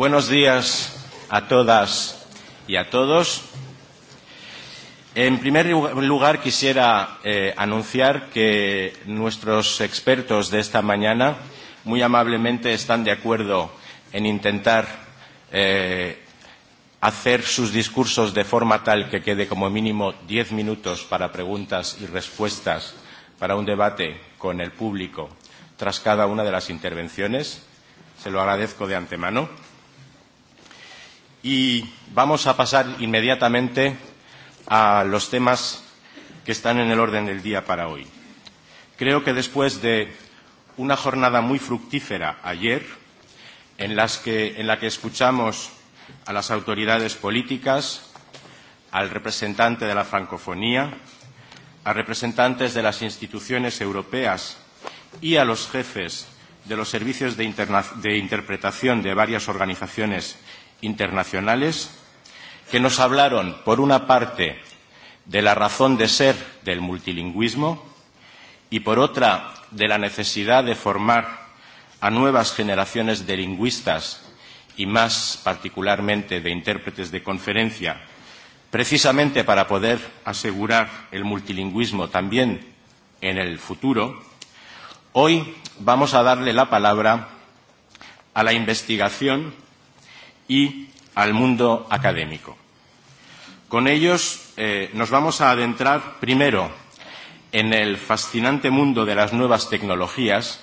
Buenos días a todas y a todos. En primer lugar, quisiera eh, anunciar que nuestros expertos de esta mañana muy amablemente están de acuerdo en intentar eh, hacer sus discursos de forma tal que quede como mínimo diez minutos para preguntas y respuestas para un debate con el público tras cada una de las intervenciones. Se lo agradezco de antemano. Y vamos a pasar inmediatamente a los temas que están en el orden del día para hoy. Creo que después de una jornada muy fructífera ayer, en, las que, en la que escuchamos a las autoridades políticas, al representante de la francofonía, a representantes de las instituciones europeas y a los jefes de los servicios de, de interpretación de varias organizaciones internacionales que nos hablaron, por una parte, de la razón de ser del multilingüismo y, por otra, de la necesidad de formar a nuevas generaciones de lingüistas y, más particularmente, de intérpretes de conferencia, precisamente para poder asegurar el multilingüismo también en el futuro, hoy vamos a darle la palabra a la investigación y al mundo académico. Con ellos eh, nos vamos a adentrar primero en el fascinante mundo de las nuevas tecnologías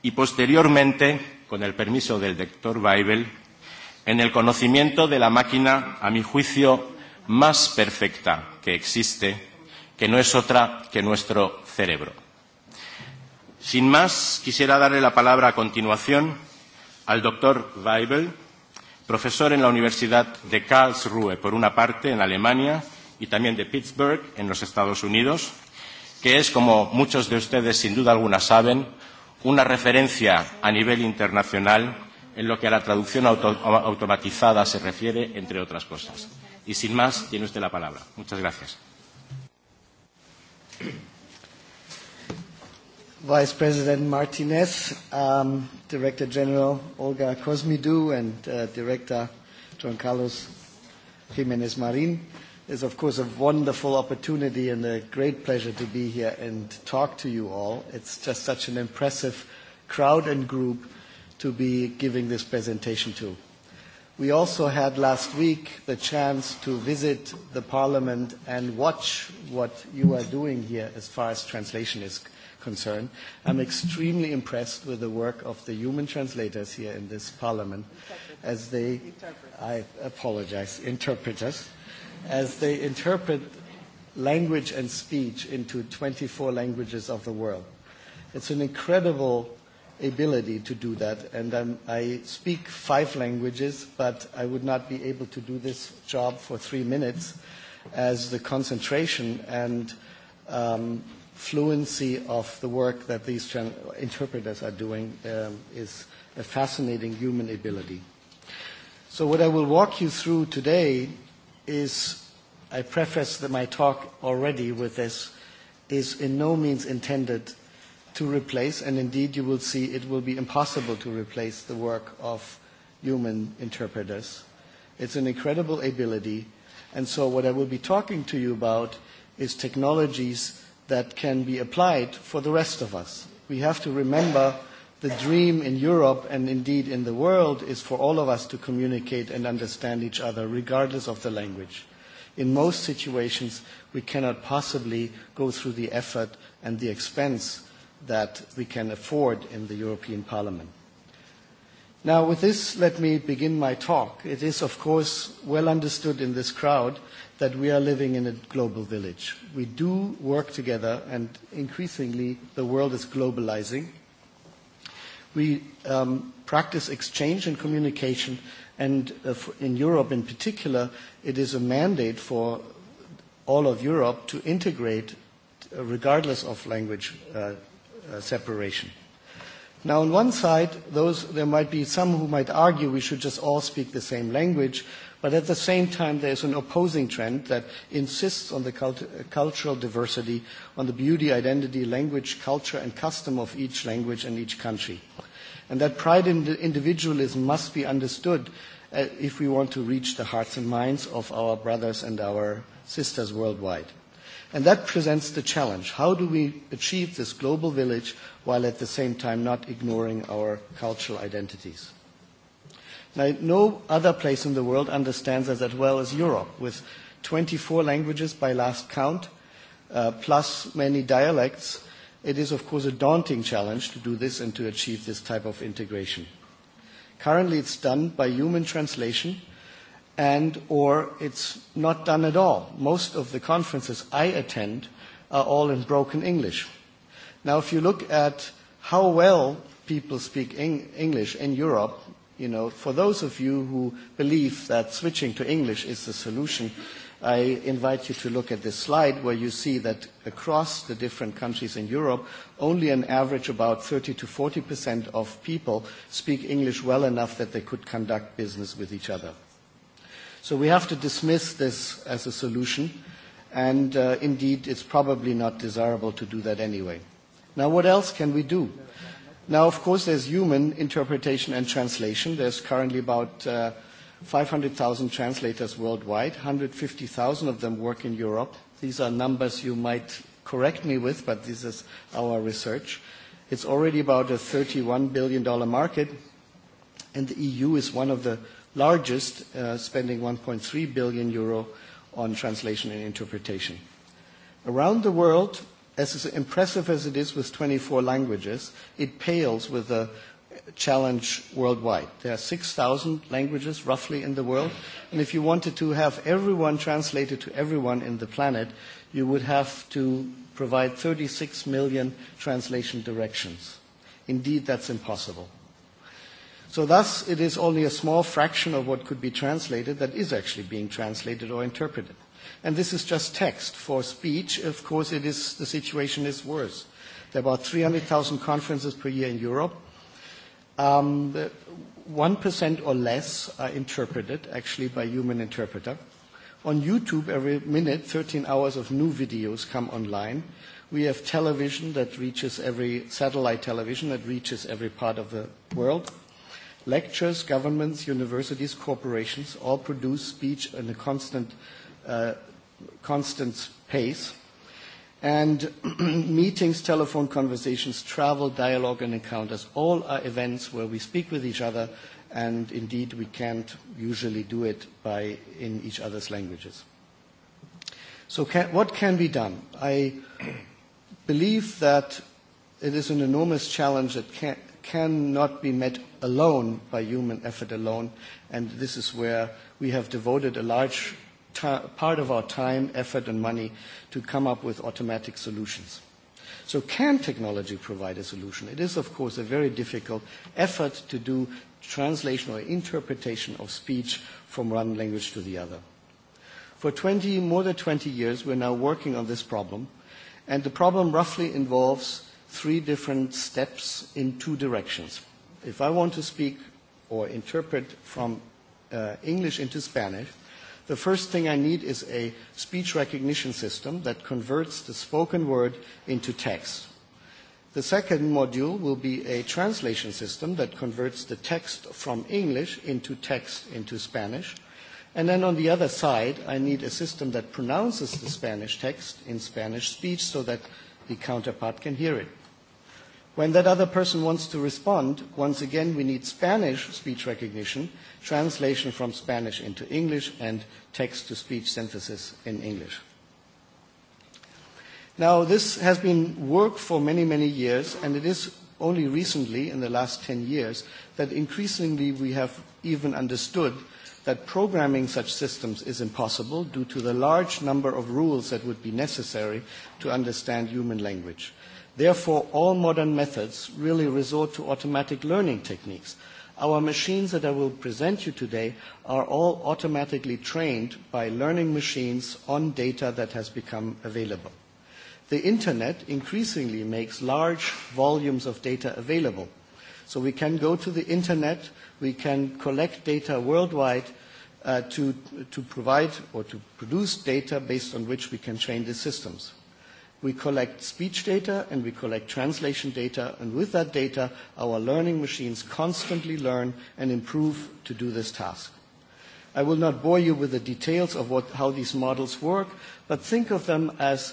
y posteriormente, con el permiso del doctor Weibel, en el conocimiento de la máquina, a mi juicio, más perfecta que existe, que no es otra que nuestro cerebro. Sin más, quisiera darle la palabra a continuación al doctor Weibel, profesor en la Universidad de Karlsruhe, por una parte, en Alemania, y también de Pittsburgh, en los Estados Unidos, que es, como muchos de ustedes sin duda alguna saben, una referencia a nivel internacional en lo que a la traducción auto automatizada se refiere, entre otras cosas. Y sin más, tiene usted la palabra. Muchas gracias. Thank you. Vice President Martinez, um, Director General Olga Cosmidou, and uh, Director John Carlos Jimenez Marin. It's, of course, a wonderful opportunity and a great pleasure to be here and talk to you all. It's just such an impressive crowd and group to be giving this presentation to. We also had last week the chance to visit the Parliament and watch what you are doing here as far as translation is concern. I'm extremely impressed with the work of the human translators here in this parliament as they, I apologize, interpreters, as they interpret language and speech into 24 languages of the world. It's an incredible ability to do that, and I'm, I speak five languages, but I would not be able to do this job for three minutes as the concentration and um, fluency of the work that these interpreters are doing um, is a fascinating human ability. So what I will walk you through today is, I preface that my talk already with this, is in no means intended to replace, and indeed you will see it will be impossible to replace the work of human interpreters. It's an incredible ability, and so what I will be talking to you about is technologies that can be applied for the rest of us. We have to remember the dream in Europe and indeed in the world is for all of us to communicate and understand each other, regardless of the language. In most situations, we cannot possibly go through the effort and the expense that we can afford in the European Parliament. Now, with this, let me begin my talk. It is, of course, well understood in this crowd that we are living in a global village. We do work together, and increasingly the world is globalizing. We um, practice exchange and communication, and uh, in Europe in particular, it is a mandate for all of Europe to integrate uh, regardless of language uh, uh, separation. Now, on one side, those, there might be some who might argue we should just all speak the same language But at the same time, there's an opposing trend that insists on the cult cultural diversity, on the beauty, identity, language, culture, and custom of each language and each country. And that pride in individualism must be understood uh, if we want to reach the hearts and minds of our brothers and our sisters worldwide. And that presents the challenge. How do we achieve this global village while at the same time not ignoring our cultural identities? Now, no other place in the world understands us as well as Europe, with 24 languages by last count, uh, plus many dialects. It is, of course, a daunting challenge to do this and to achieve this type of integration. Currently, it's done by human translation, and or it's not done at all. Most of the conferences I attend are all in broken English. Now, if you look at how well people speak Eng- English in Europe, You know, for those of you who believe that switching to English is the solution, I invite you to look at this slide where you see that across the different countries in Europe, only an average about 30 to 40 percent of people speak English well enough that they could conduct business with each other. So we have to dismiss this as a solution, and uh, indeed it's probably not desirable to do that anyway. Now what else can we do? Now, of course, there's human interpretation and translation. There's currently about uh, 500,000 translators worldwide. 150,000 of them work in Europe. These are numbers you might correct me with, but this is our research. It's already about a $31 billion market, and the EU is one of the largest, uh, spending 1.3 billion euro on translation and interpretation. Around the world, as impressive as it is with 24 languages, it pales with the challenge worldwide. There are 6,000 languages roughly in the world, and if you wanted to have everyone translated to everyone in the planet, you would have to provide 36 million translation directions. Indeed, that's impossible. So thus, it is only a small fraction of what could be translated that is actually being translated or interpreted. And this is just text. For speech, of course, it is, the situation is worse. There are about 300,000 conferences per year in Europe. Um, 1% or less are interpreted, actually, by human interpreter. On YouTube, every minute, 13 hours of new videos come online. We have television that reaches every satellite television that reaches every part of the world. Lectures, governments, universities, corporations all produce speech in a constant Uh, constant pace. And meetings, telephone conversations, travel, dialogue, and encounters all are events where we speak with each other, and indeed we can't usually do it by in each other's languages. So, can, what can be done? I believe that it is an enormous challenge that can, cannot be met alone by human effort alone, and this is where we have devoted a large part of our time, effort, and money to come up with automatic solutions. So can technology provide a solution? It is, of course, a very difficult effort to do translation or interpretation of speech from one language to the other. For 20, more than 20 years, we're now working on this problem, and the problem roughly involves three different steps in two directions. If I want to speak or interpret from uh, English into Spanish, The first thing I need is a speech recognition system that converts the spoken word into text. The second module will be a translation system that converts the text from English into text into Spanish. And then on the other side, I need a system that pronounces the Spanish text in Spanish speech so that the counterpart can hear it. When that other person wants to respond, once again, we need Spanish speech recognition, translation from Spanish into English, and text-to-speech synthesis in English. Now, this has been work for many, many years, and it is only recently, in the last 10 years, that increasingly we have even understood that programming such systems is impossible due to the large number of rules that would be necessary to understand human language. Therefore, all modern methods really resort to automatic learning techniques. Our machines that I will present you today are all automatically trained by learning machines on data that has become available. The internet increasingly makes large volumes of data available. So we can go to the internet, we can collect data worldwide uh, to, to provide or to produce data based on which we can train the systems. We collect speech data and we collect translation data, and with that data, our learning machines constantly learn and improve to do this task. I will not bore you with the details of what, how these models work, but think of them as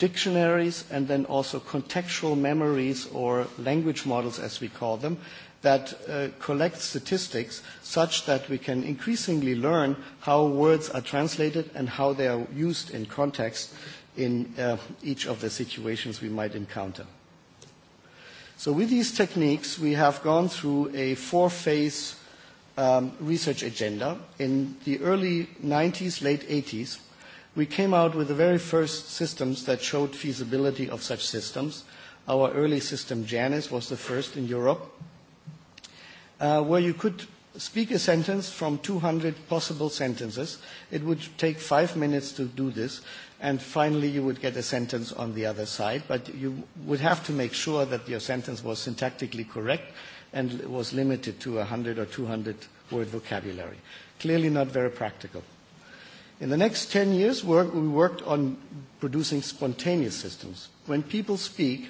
dictionaries and then also contextual memories or language models, as we call them, that uh, collect statistics such that we can increasingly learn how words are translated and how they are used in context in uh, each of the situations we might encounter. So with these techniques, we have gone through a four-phase um, research agenda. In the early 90s, late 80s, we came out with the very first systems that showed feasibility of such systems. Our early system, Janus, was the first in Europe, uh, where you could speak a sentence from 200 possible sentences. It would take five minutes to do this and finally you would get a sentence on the other side, but you would have to make sure that your sentence was syntactically correct and was limited to 100 or 200 word vocabulary. Clearly not very practical. In the next 10 years, we worked on producing spontaneous systems. When people speak,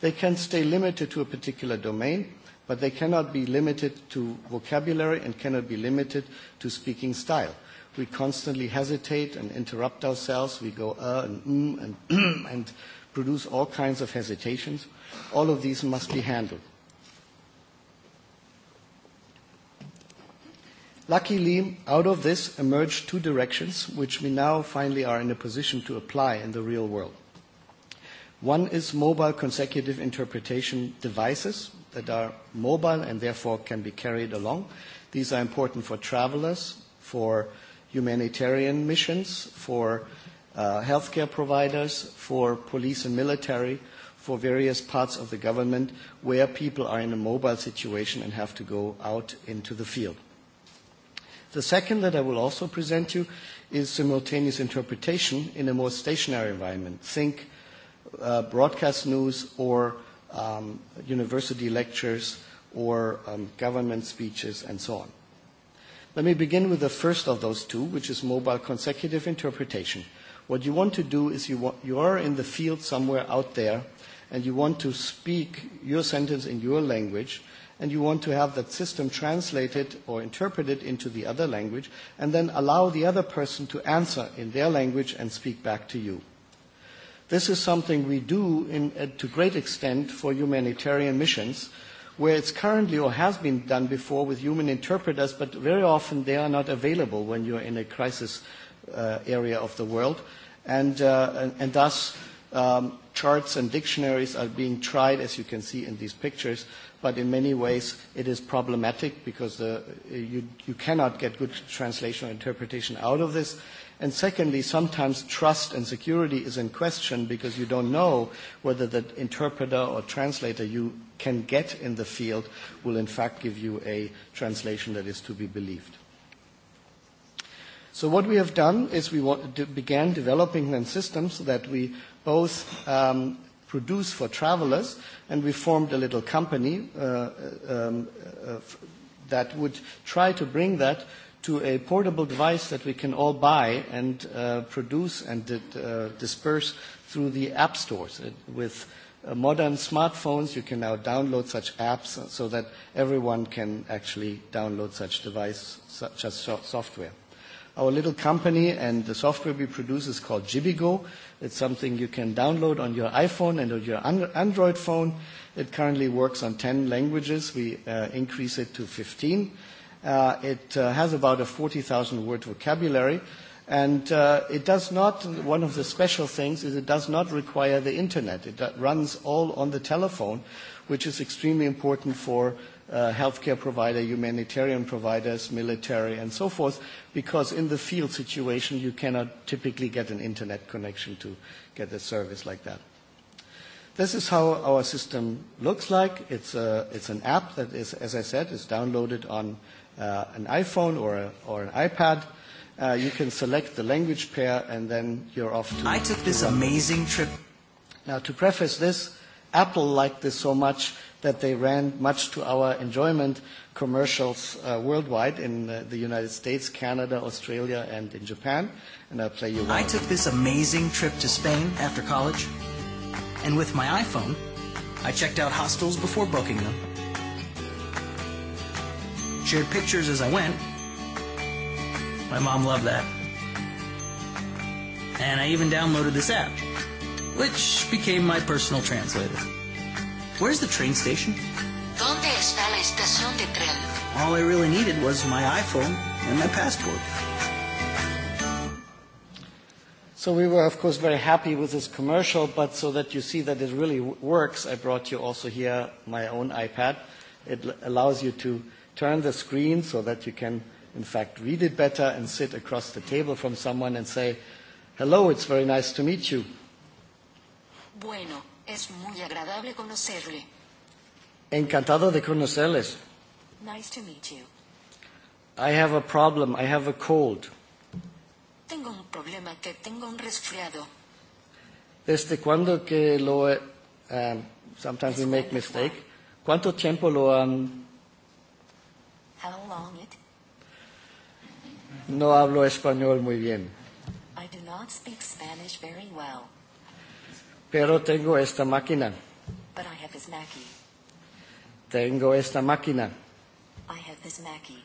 they can stay limited to a particular domain, but they cannot be limited to vocabulary and cannot be limited to speaking style we constantly hesitate and interrupt ourselves. We go uh and mm and and produce all kinds of hesitations. All of these must be handled. Luckily, out of this emerged two directions which we now finally are in a position to apply in the real world. One is mobile consecutive interpretation devices that are mobile and therefore can be carried along. These are important for travelers, for humanitarian missions, for uh, healthcare providers, for police and military, for various parts of the government where people are in a mobile situation and have to go out into the field. The second that I will also present you is simultaneous interpretation in a more stationary environment. Think uh, broadcast news or um, university lectures or um, government speeches and so on. Let me begin with the first of those two, which is mobile consecutive interpretation. What you want to do is you, want, you are in the field somewhere out there, and you want to speak your sentence in your language, and you want to have that system translated or interpreted into the other language, and then allow the other person to answer in their language and speak back to you. This is something we do in, uh, to great extent for humanitarian missions where it's currently or has been done before with human interpreters, but very often they are not available when you're in a crisis uh, area of the world. And, uh, and, and thus, um, charts and dictionaries are being tried, as you can see in these pictures, but in many ways it is problematic because uh, you, you cannot get good translation or interpretation out of this. And secondly, sometimes trust and security is in question because you don't know whether the interpreter or translator you can get in the field will in fact give you a translation that is to be believed. So what we have done is we began developing then systems that we both um, produce for travelers, and we formed a little company uh, uh um, uh, that would try to bring that to a portable device that we can all buy and uh, produce and uh, disperse through the app stores. It, with uh, modern smartphones, you can now download such apps so that everyone can actually download such device, such as so- software. Our little company and the software we produce is called Jibigo. It's something you can download on your iPhone and on your Android phone. It currently works on 10 languages. We uh, increase it to 15 Uh, it uh, has about a 40,000 word vocabulary. And uh, it does not, one of the special things is it does not require the internet. It uh, runs all on the telephone, which is extremely important for uh, healthcare provider, humanitarian providers, military, and so forth, because in the field situation, you cannot typically get an internet connection to get a service like that. This is how our system looks like. It's, a, it's an app that is, as I said, is downloaded on uh, an iPhone or, a, or an iPad. Uh, you can select the language pair and then you're off to. I took this to amazing trip. Now, to preface this, Apple liked this so much that they ran, much to our enjoyment, commercials uh, worldwide in uh, the United States, Canada, Australia, and in Japan. And I'll play you one. I took this amazing trip to Spain after college, and with my iPhone, I checked out hostels before booking them shared pictures as I went. My mom loved that. And I even downloaded this app, which became my personal translator. Where's the train station? ¿Dónde está la estación de tren? All I really needed was my iPhone and my passport. So we were, of course, very happy with this commercial, but so that you see that it really works, I brought you also here my own iPad. It allows you to turn the screen so that you can, in fact, read it better and sit across the table from someone and say, hello, it's very nice to meet you. Bueno, es muy agradable conocerle. Encantado de conocerles. Nice to meet you. I have a problem. I have a cold. Tengo un problema que tengo un resfriado. Desde cuando que lo um, sometimes we make mistake. ¿Cuánto tiempo lo han How long it? No hablo español muy bien. I do not speak Spanish very well. Pero tengo esta máquina. But I have this Mackie. Tengo esta máquina. I have this Mackie.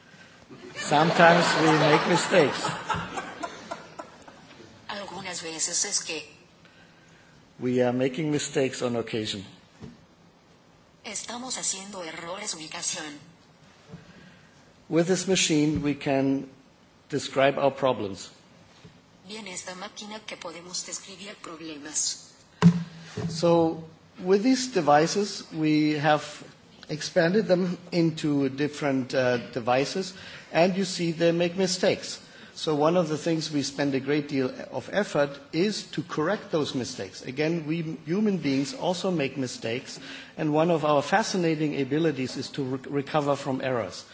Sometimes we make mistakes. Algunas veces es que. We are making mistakes on occasion. Estamos haciendo errores ubicación. With this machine we can describe our problems. Bien, esta máquina que podemos describir problemas. So, with these devices, we have expanded them into different uh, devices, and you see they make mistakes. So one of the things we spend a great deal of effort is to correct those mistakes. Again, we human beings also make mistakes, and one of our fascinating abilities is to re- recover from errors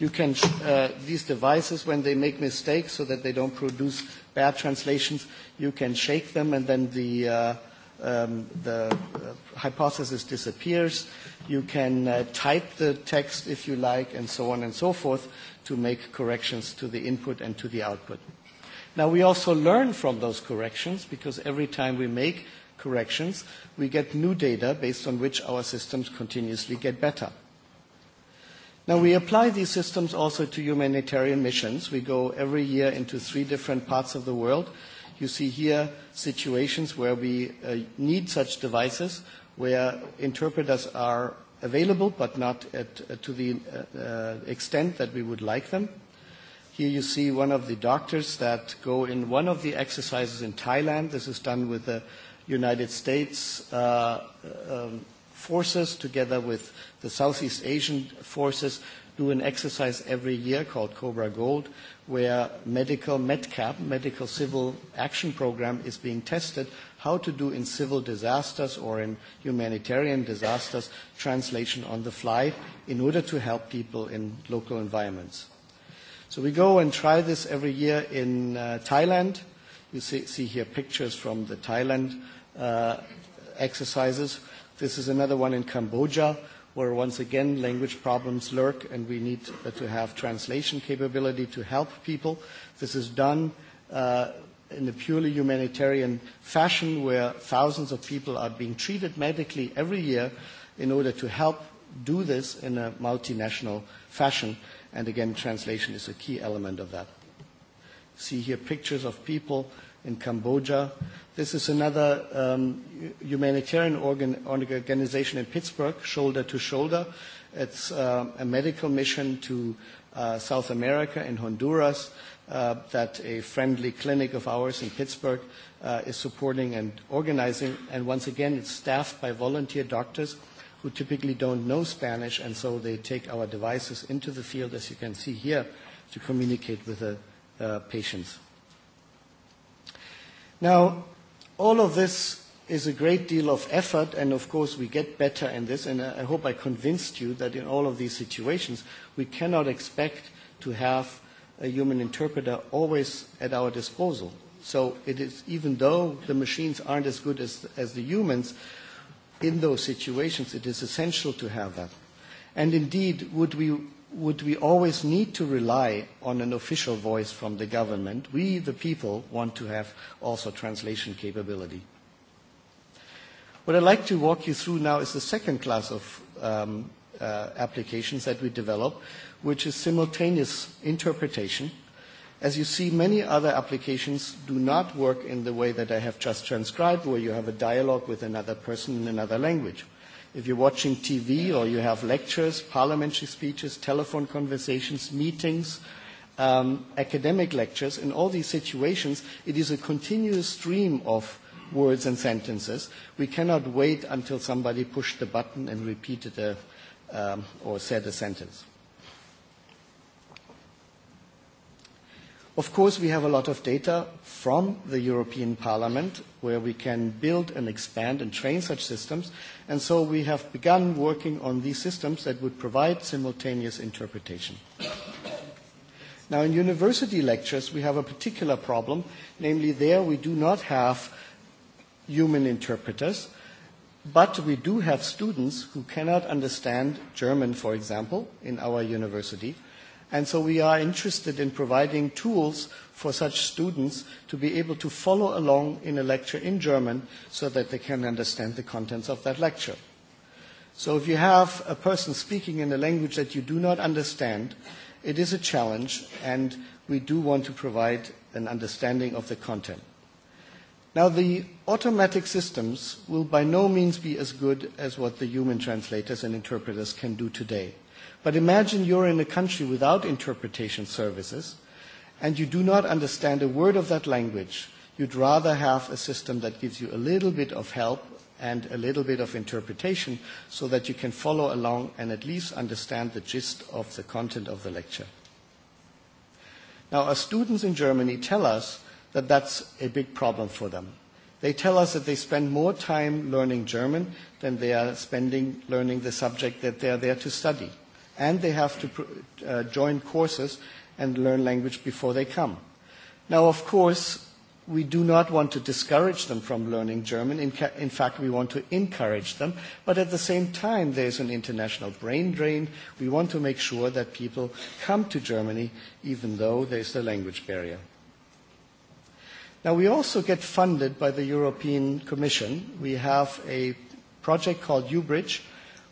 you can, uh, these devices, when they make mistakes so that they don't produce bad translations, you can shake them and then the, uh, um, the uh, hypothesis disappears. You can uh, type the text if you like and so on and so forth to make corrections to the input and to the output. Now we also learn from those corrections because every time we make corrections, we get new data based on which our systems continuously get better. Now, we apply these systems also to humanitarian missions. We go every year into three different parts of the world. You see here situations where we uh, need such devices, where interpreters are available but not at, uh, to the uh, uh, extent that we would like them. Here you see one of the doctors that go in one of the exercises in Thailand. This is done with the United States uh, um, forces, together with the Southeast Asian forces, do an exercise every year called Cobra Gold, where medical MedCap, medical civil action program, is being tested how to do in civil disasters or in humanitarian disasters translation on the fly in order to help people in local environments. So we go and try this every year in uh, Thailand. You see, see here pictures from the Thailand uh, exercises This is another one in Cambodia, where once again language problems lurk and we need uh, to have translation capability to help people. This is done uh, in a purely humanitarian fashion where thousands of people are being treated medically every year in order to help do this in a multinational fashion. And again, translation is a key element of that. See here pictures of people in Cambodia. This is another um, humanitarian organ, organization in Pittsburgh, Shoulder to Shoulder. It's uh, a medical mission to uh, South America and Honduras uh, that a friendly clinic of ours in Pittsburgh uh, is supporting and organizing. And once again, it's staffed by volunteer doctors who typically don't know Spanish, and so they take our devices into the field, as you can see here, to communicate with the uh, patients. Now, all of this is a great deal of effort, and of course we get better in this, and I hope I convinced you that in all of these situations, we cannot expect to have a human interpreter always at our disposal. So it is, even though the machines aren't as good as, as the humans, in those situations it is essential to have that. And indeed, would we would we always need to rely on an official voice from the government? We, the people, want to have also translation capability. What I'd like to walk you through now is the second class of um, uh, applications that we develop, which is simultaneous interpretation. As you see, many other applications do not work in the way that I have just transcribed, where you have a dialogue with another person in another language. If you're watching TV or you have lectures, parliamentary speeches, telephone conversations, meetings, um, academic lectures, in all these situations, it is a continuous stream of words and sentences. We cannot wait until somebody pushed the button and repeated a, um, or said a sentence. Of course, we have a lot of data from the European Parliament where we can build and expand and train such systems. And so we have begun working on these systems that would provide simultaneous interpretation. Now, in university lectures, we have a particular problem. Namely, there we do not have human interpreters, but we do have students who cannot understand German, for example, in our university – And so we are interested in providing tools for such students to be able to follow along in a lecture in German so that they can understand the contents of that lecture. So if you have a person speaking in a language that you do not understand, it is a challenge and we do want to provide an understanding of the content. Now the automatic systems will by no means be as good as what the human translators and interpreters can do today. But imagine you're in a country without interpretation services and you do not understand a word of that language. You'd rather have a system that gives you a little bit of help and a little bit of interpretation so that you can follow along and at least understand the gist of the content of the lecture. Now, our students in Germany tell us that that's a big problem for them. They tell us that they spend more time learning German than they are spending learning the subject that they are there to study and they have to uh, join courses and learn language before they come. Now, of course, we do not want to discourage them from learning German. In, in fact, we want to encourage them. But at the same time, there's an international brain drain. We want to make sure that people come to Germany even though there's the language barrier. Now, we also get funded by the European Commission. We have a project called UBridge,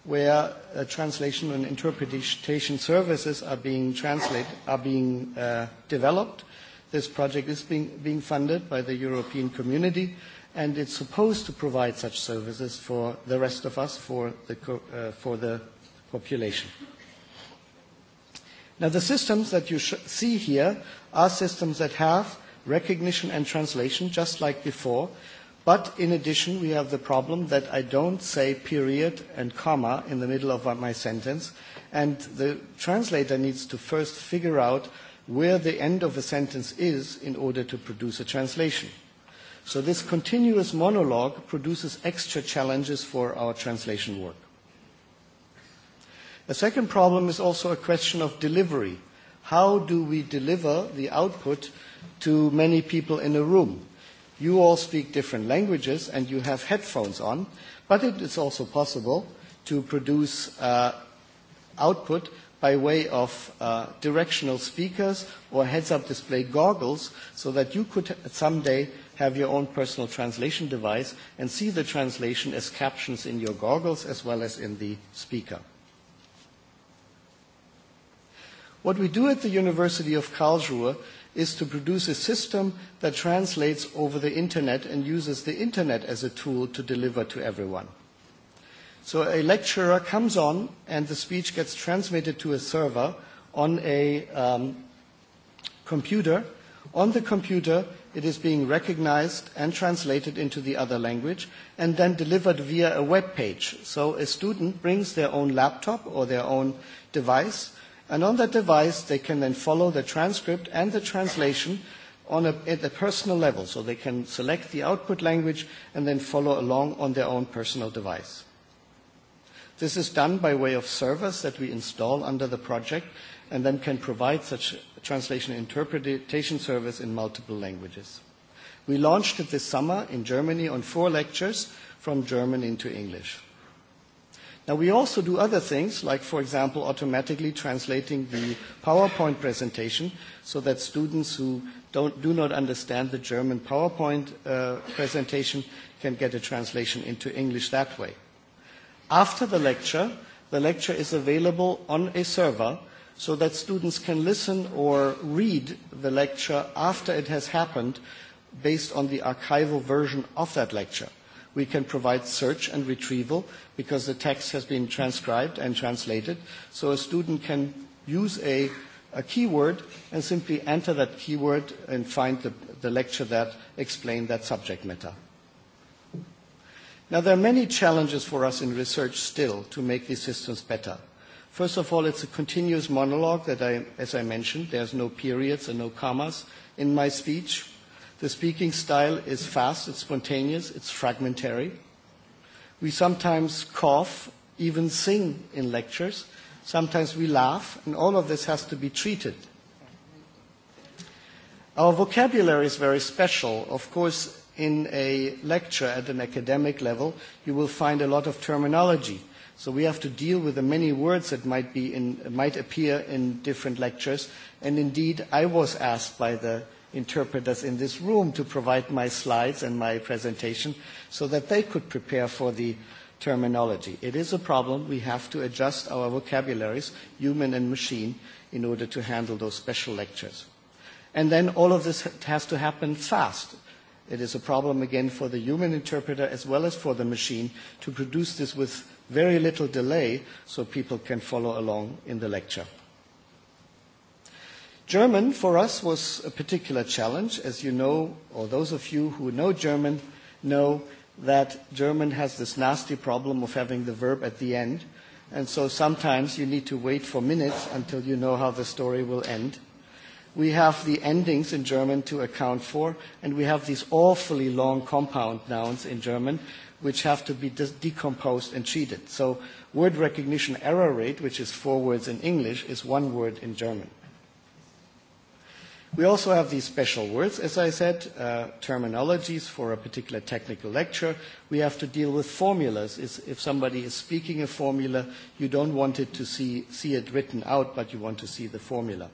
where uh, translation and interpretation services are being translated, are being uh, developed. This project is being, being funded by the European Community, and it's supposed to provide such services for the rest of us, for the, co uh, for the population. Now, the systems that you sh see here are systems that have recognition and translation, just like before, But in addition, we have the problem that I don't say period and comma in the middle of my sentence, and the translator needs to first figure out where the end of a sentence is in order to produce a translation. So this continuous monologue produces extra challenges for our translation work. A second problem is also a question of delivery. How do we deliver the output to many people in a room? You all speak different languages and you have headphones on, but it is also possible to produce uh, output by way of uh, directional speakers or heads-up display goggles so that you could someday have your own personal translation device and see the translation as captions in your goggles as well as in the speaker. What we do at the University of Karlsruhe is to produce a system that translates over the internet and uses the internet as a tool to deliver to everyone. So a lecturer comes on and the speech gets transmitted to a server on a um, computer. On the computer, it is being recognized and translated into the other language and then delivered via a web page. So a student brings their own laptop or their own device And on that device, they can then follow the transcript and the translation on a, at a personal level. So they can select the output language and then follow along on their own personal device. This is done by way of servers that we install under the project and then can provide such translation interpretation service in multiple languages. We launched it this summer in Germany on four lectures from German into English. Now, we also do other things, like, for example, automatically translating the PowerPoint presentation so that students who don't, do not understand the German PowerPoint uh, presentation can get a translation into English that way. After the lecture, the lecture is available on a server so that students can listen or read the lecture after it has happened based on the archival version of that lecture we can provide search and retrieval because the text has been transcribed and translated. So a student can use a, a keyword and simply enter that keyword and find the, the lecture that explained that subject matter. Now, there are many challenges for us in research still to make these systems better. First of all, it's a continuous monologue that I, as I mentioned, there's no periods and no commas in my speech. The speaking style is fast, it's spontaneous, it's fragmentary. We sometimes cough, even sing in lectures. Sometimes we laugh, and all of this has to be treated. Our vocabulary is very special. Of course, in a lecture at an academic level, you will find a lot of terminology. So we have to deal with the many words that might, be in, might appear in different lectures. And indeed, I was asked by the interpreters in this room to provide my slides and my presentation so that they could prepare for the terminology. It is a problem. We have to adjust our vocabularies, human and machine, in order to handle those special lectures. And then all of this has to happen fast. It is a problem again for the human interpreter as well as for the machine to produce this with very little delay so people can follow along in the lecture. German for us was a particular challenge. As you know, or those of you who know German know that German has this nasty problem of having the verb at the end. And so sometimes you need to wait for minutes until you know how the story will end. We have the endings in German to account for, and we have these awfully long compound nouns in German, which have to be decomposed and treated. So word recognition error rate, which is four words in English, is one word in German. We also have these special words, as I said, uh, terminologies for a particular technical lecture. We have to deal with formulas. It's, if somebody is speaking a formula, you don't want it to see, see it written out, but you want to see the formula.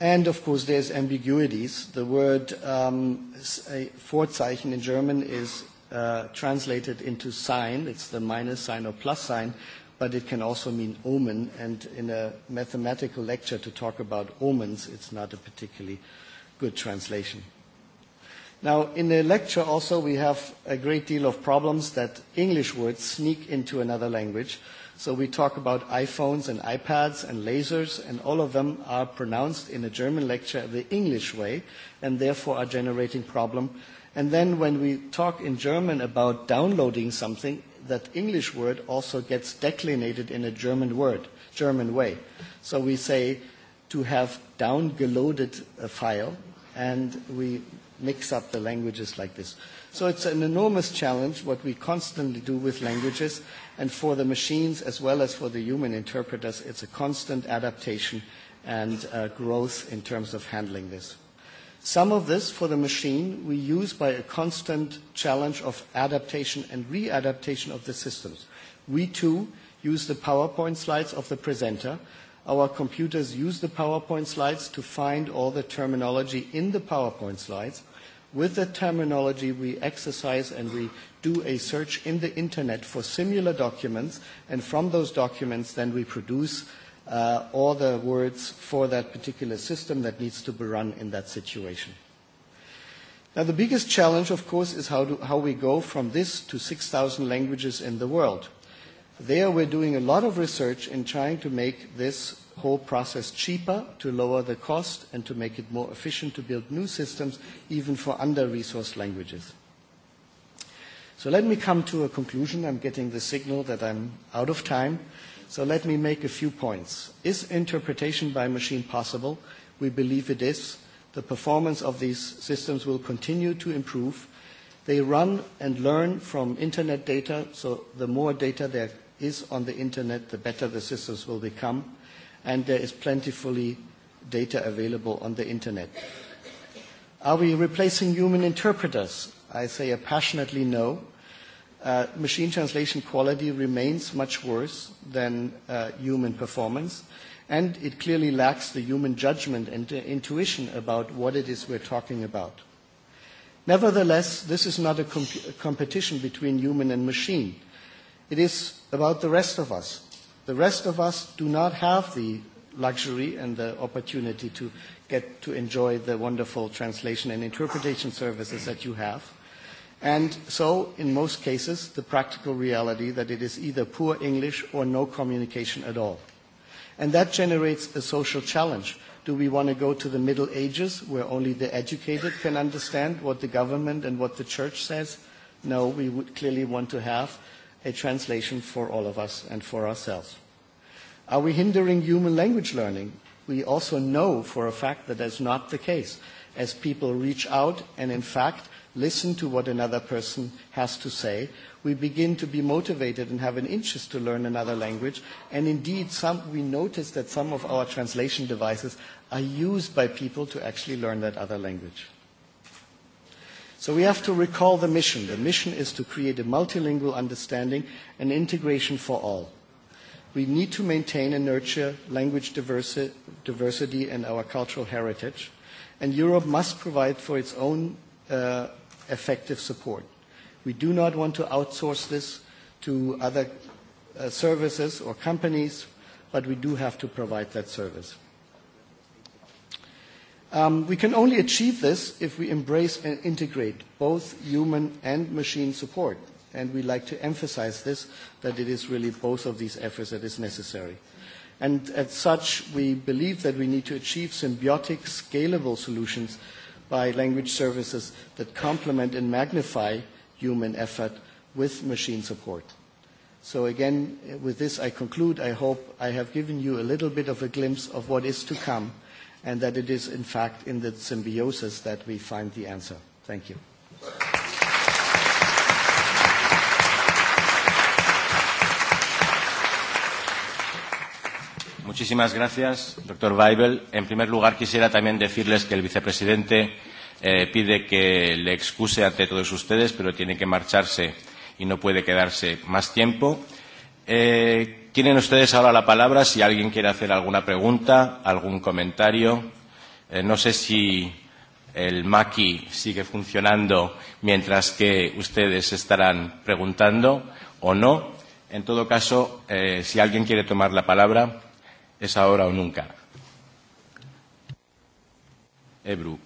And of course, there's ambiguities. The word um, Vorzeichen in German is uh, translated into sign. It's the minus sign or plus sign, but it can also mean omen. And in a mathematical lecture to talk about omens, it's not a particularly good translation. Now, in the lecture also, we have a great deal of problems that English words sneak into another language. So we talk about iPhones and iPads and lasers, and all of them are pronounced in a German lecture the English way, and therefore are generating problem. And then when we talk in German about downloading something, that English word also gets declinated in a German word, German way. So we say to have downloaded a file, and we mix up the languages like this. So it's an enormous challenge what we constantly do with languages, and for the machines as well as for the human interpreters, it's a constant adaptation and uh, growth in terms of handling this. Some of this for the machine we use by a constant challenge of adaptation and readaptation of the systems. We too use the PowerPoint slides of the presenter. Our computers use the PowerPoint slides to find all the terminology in the PowerPoint slides. With the terminology, we exercise and we do a search in the internet for similar documents, and from those documents, then we produce uh, or the words for that particular system that needs to be run in that situation. Now, the biggest challenge, of course, is how, do, how we go from this to 6,000 languages in the world. There, we're doing a lot of research in trying to make this whole process cheaper, to lower the cost, and to make it more efficient to build new systems, even for under-resourced languages. So let me come to a conclusion. I'm getting the signal that I'm out of time. So let me make a few points. Is interpretation by machine possible? We believe it is. The performance of these systems will continue to improve. They run and learn from internet data, so the more data there is on the internet, the better the systems will become, and there is plentifully data available on the internet. Are we replacing human interpreters? I say a passionately no. Uh, machine translation quality remains much worse than uh, human performance, and it clearly lacks the human judgment and uh, intuition about what it is we're talking about. Nevertheless, this is not a comp- competition between human and machine. It is about the rest of us. The rest of us do not have the luxury and the opportunity to get to enjoy the wonderful translation and interpretation services that you have. And so, in most cases, the practical reality that it is either poor English or no communication at all. And that generates a social challenge. Do we want to go to the Middle Ages, where only the educated can understand what the government and what the church says? No, we would clearly want to have a translation for all of us and for ourselves. Are we hindering human language learning? We also know for a fact that that's not the case, as people reach out and, in fact, listen to what another person has to say. We begin to be motivated and have an interest to learn another language. And indeed, some, we notice that some of our translation devices are used by people to actually learn that other language. So we have to recall the mission. The mission is to create a multilingual understanding and integration for all. We need to maintain and nurture language diversi diversity and our cultural heritage. And Europe must provide for its own uh, effective support. We do not want to outsource this to other uh, services or companies, but we do have to provide that service. Um, we can only achieve this if we embrace and integrate both human and machine support. And we like to emphasize this, that it is really both of these efforts that is necessary. And as such, we believe that we need to achieve symbiotic, scalable solutions by language services that complement and magnify human effort with machine support. So again, with this I conclude. I hope I have given you a little bit of a glimpse of what is to come and that it is in fact in the symbiosis that we find the answer. Thank you. Muchísimas gracias, doctor Weibel. En primer lugar, quisiera también decirles que el vicepresidente eh, pide que le excuse ante todos ustedes, pero tiene que marcharse y no puede quedarse más tiempo. Eh, tienen ustedes ahora la palabra si alguien quiere hacer alguna pregunta, algún comentario. Eh, no sé si el MACI sigue funcionando mientras que ustedes estarán preguntando o no. En todo caso, eh, si alguien quiere tomar la palabra, es ahora o nunca. Ebru.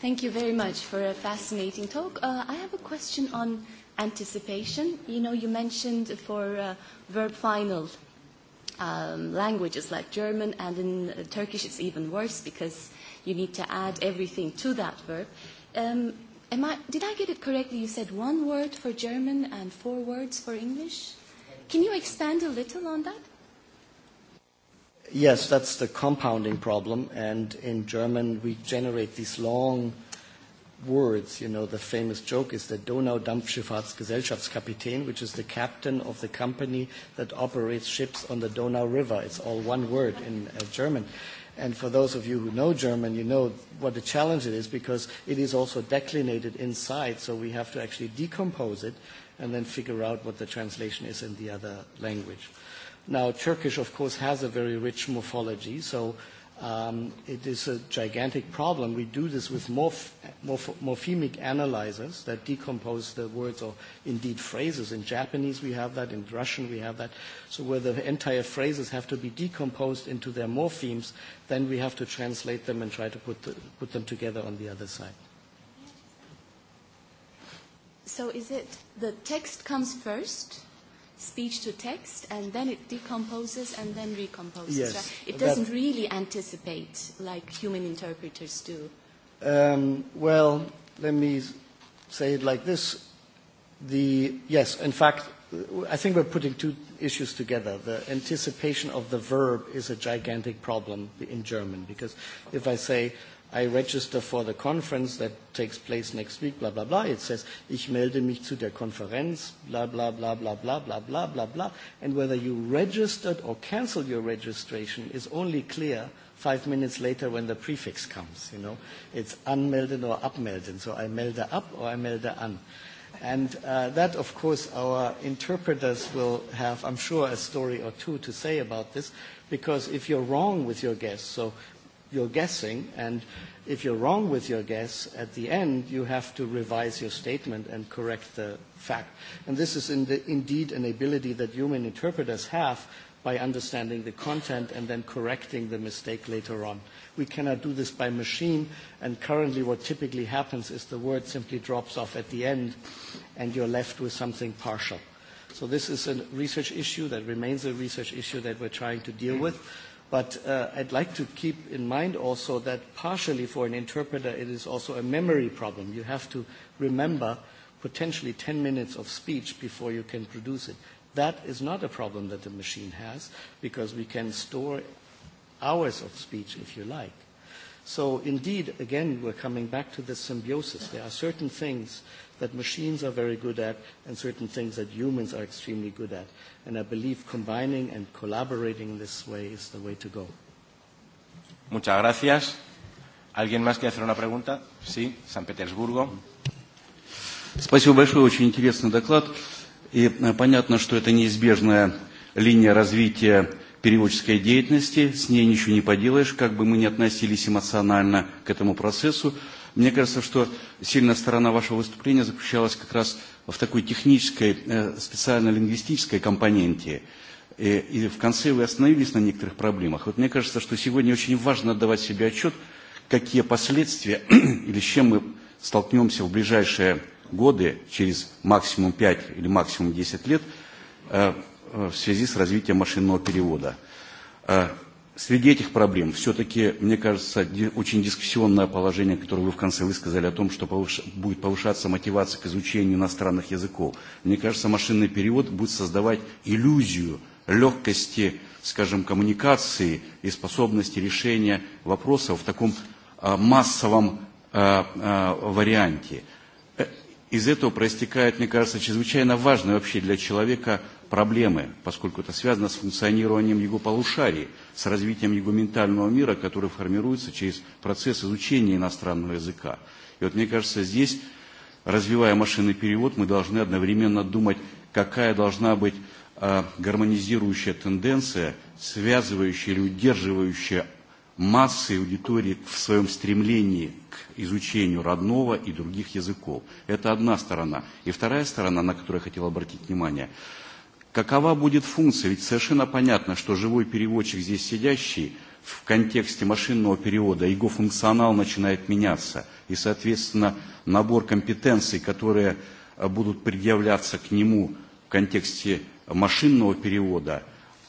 Thank you very much for a fascinating talk. Uh, I have a question on anticipation. You know, you mentioned for uh, verb final um, languages like German and in uh, Turkish it's even worse because you need to add everything to that verb. Um, am I, did I get it correctly? You said one word for German and four words for English? Can you expand a little on that? Yes, that's the compounding problem. And in German, we generate these long words. You know, the famous joke is the Donau Dampfschifffahrtsgesellschaftskapitän, which is the captain of the company that operates ships on the Donau River. It's all one word in uh, German. And for those of you who know German, you know what a challenge it is because it is also declinated inside, so we have to actually decompose it and then figure out what the translation is in the other language. Now, Turkish, of course, has a very rich morphology, so um, it is a gigantic problem. We do this with morph morph morphemic analyzers that decompose the words or indeed phrases. In Japanese we have that, in Russian we have that. So where the entire phrases have to be decomposed into their morphemes, then we have to translate them and try to put, the, put them together on the other side. So is it the text comes first, speech to text, and then it decomposes and then recomposes? Yes. Right? It doesn't that, really anticipate like human interpreters do. Um, well, let me say it like this. The, yes, in fact, I think we're putting two issues together. The anticipation of the verb is a gigantic problem in German because if I say I register for the conference that takes place next week, bla bla bla. It says, ich melde mich zu der Konferenz, bla bla bla bla bla bla bla bla bla. And whether you registered or canceled your registration is only clear five minutes later when the prefix comes, you know. It's anmelden or abmelden. So I melde ab or I melde an. And uh, that, of course, our interpreters will have, I'm sure, a story or two to say about this, because if you're wrong with your guess, so you're guessing, and if you're wrong with your guess, at the end you have to revise your statement and correct the fact. And this is in the, indeed an ability that human interpreters have by understanding the content and then correcting the mistake later on. We cannot do this by machine, and currently what typically happens is the word simply drops off at the end and you're left with something partial. So this is a research issue that remains a research issue that we're trying to deal with. Mm-hmm But uh, I'd like to keep in mind also that partially for an interpreter, it is also a memory problem. You have to remember potentially 10 minutes of speech before you can produce it. That is not a problem that the machine has because we can store hours of speech if you like. So indeed, again, we're coming back to the symbiosis. There are certain things that machines are very good at and certain things that humans are extremely good at. And I believe combining and collaborating in this way is the way to go. Muchas gracias. ¿Alguien más quiere hacer una pregunta? Sí, San Petersburgo. Спасибо большое, очень интересный доклад. И э, понятно, что это неизбежная линия развития переводческой деятельности, с ней ничего не поделаешь, как бы мы ни относились эмоционально к этому процессу. Мне кажется, что сильная сторона вашего выступления заключалась как раз в такой технической, специально-лингвистической компоненте. И, и в конце вы остановились на некоторых проблемах. Вот мне кажется, что сегодня очень важно отдавать себе отчет, какие последствия или с чем мы столкнемся в ближайшие годы, через максимум 5 или максимум 10 лет, в связи с развитием машинного перевода. Среди этих проблем все-таки, мне кажется, очень дискуссионное положение, которое вы в конце высказали о том, что повыш... будет повышаться мотивация к изучению иностранных языков. Мне кажется, машинный перевод будет создавать иллюзию легкости, скажем, коммуникации и способности решения вопросов в таком а, массовом а, а, варианте. Из этого проистекает, мне кажется, чрезвычайно важный вообще для человека проблемы, поскольку это связано с функционированием его полушарий, с развитием его ментального мира, который формируется через процесс изучения иностранного языка. И вот мне кажется, здесь, развивая машинный перевод, мы должны одновременно думать, какая должна быть гармонизирующая тенденция, связывающая или удерживающая массы аудитории в своем стремлении к изучению родного и других языков. Это одна сторона. И вторая сторона, на которую я хотел обратить внимание – Какова будет функция? Ведь совершенно понятно, что живой переводчик здесь сидящий в контексте машинного перевода, его функционал начинает меняться. И, соответственно, набор компетенций, которые будут предъявляться к нему в контексте машинного перевода,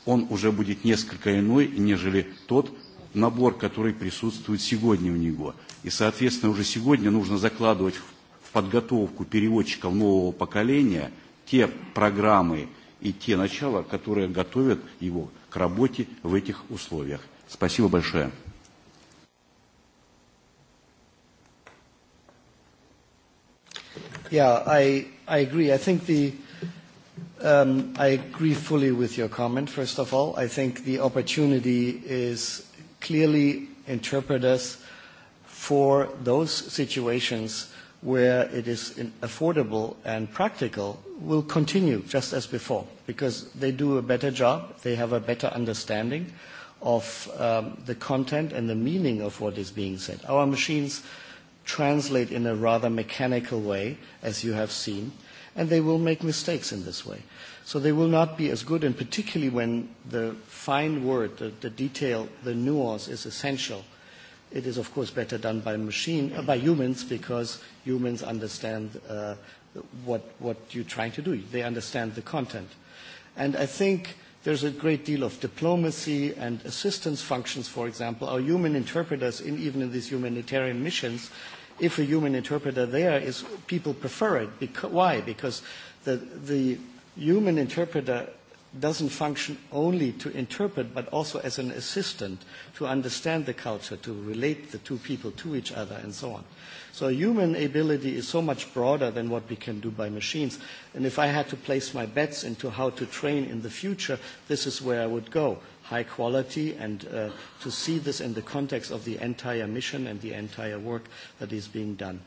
он уже будет несколько иной, нежели тот набор, который присутствует сегодня у него. И, соответственно, уже сегодня нужно закладывать в подготовку переводчиков нового поколения те программы, и те начала, которые готовят его к работе в этих условиях. Спасибо большое. Yeah, I, I agree. I think the, um, I agree fully with your comment, first of all. I think the opportunity is clearly interpreted for those situations where it is affordable and practical will continue just as before because they do a better job, they have a better understanding of um, the content and the meaning of what is being said. Our machines translate in a rather mechanical way, as you have seen, and they will make mistakes in this way. So they will not be as good, and particularly when the fine word, the, the detail, the nuance is essential It is, of course, better done by machine, uh, by humans, because humans understand uh, what, what you're trying to do. They understand the content. And I think there's a great deal of diplomacy and assistance functions, for example. Our human interpreters, in, even in these humanitarian missions, if a human interpreter there is, people prefer it. Because, why? Because the, the human interpreter doesn't function only to interpret, but also as an assistant to understand the culture, to relate the two people to each other, and so on. So human ability is so much broader than what we can do by machines. And if I had to place my bets into how to train in the future, this is where I would go. High quality and uh, to see this in the context of the entire mission and the entire work that is being done.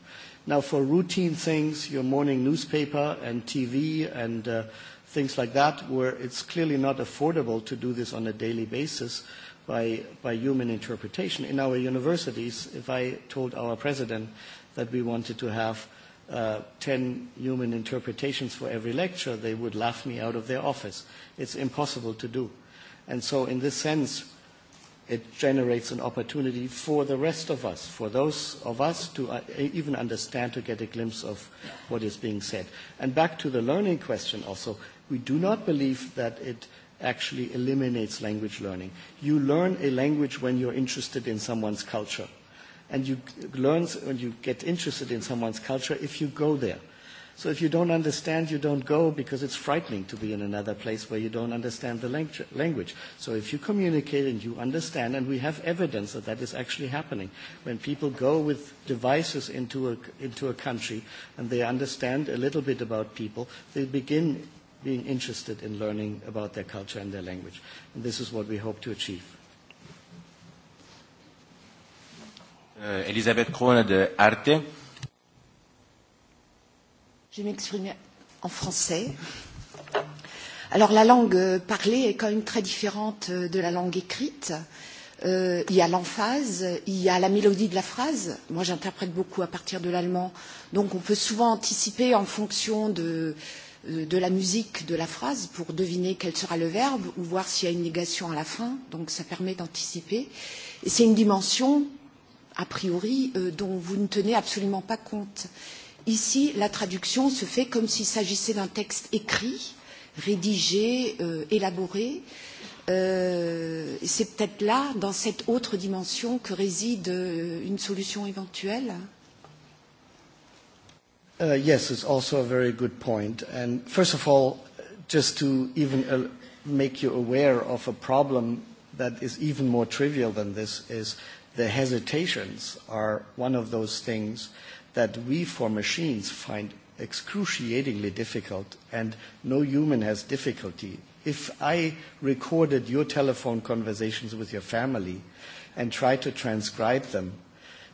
Now for routine things, your morning newspaper and TV and uh, things like that, where it's clearly not affordable to do this on a daily basis by, by human interpretation. In our universities, if I told our president that we wanted to have uh, 10 human interpretations for every lecture, they would laugh me out of their office. It's impossible to do. And so in this sense, it generates an opportunity for the rest of us, for those of us to uh, even understand, to get a glimpse of what is being said. And back to the learning question also, We do not believe that it actually eliminates language learning. You learn a language when you're interested in someone's culture. And you learn when you get interested in someone's culture if you go there. So if you don't understand, you don't go because it's frightening to be in another place where you don't understand the language. So if you communicate and you understand, and we have evidence that that is actually happening, when people go with devices into a, into a country and they understand a little bit about people, they begin being interested in learning about their culture and their language. And this is what we hope to achieve. Uh, Elisabeth Krone de Arte. Je m'exprime en français. Alors la langue parlée est quand même très différente de la langue écrite. Euh, il y a l'emphase, il y a la mélodie de la phrase. Moi j'interprète beaucoup à partir de l'allemand, donc on peut souvent anticiper en fonction de, euh, Euh, de la musique de la phrase pour deviner quel sera le verbe ou voir s'il y a une négation à la fin. Donc ça permet d'anticiper. Et c'est une dimension, a priori, euh, dont vous ne tenez absolument pas compte. Ici, la traduction se fait comme s'il s'agissait d'un texte écrit, rédigé, euh, élaboré. Euh, c'est peut-être là, dans cette autre dimension, que réside euh, une solution éventuelle. Hein Uh, yes, it's also a very good point. And first of all, just to even uh, make you aware of a problem that is even more trivial than this is the hesitations are one of those things that we for machines find excruciatingly difficult and no human has difficulty. If I recorded your telephone conversations with your family and tried to transcribe them,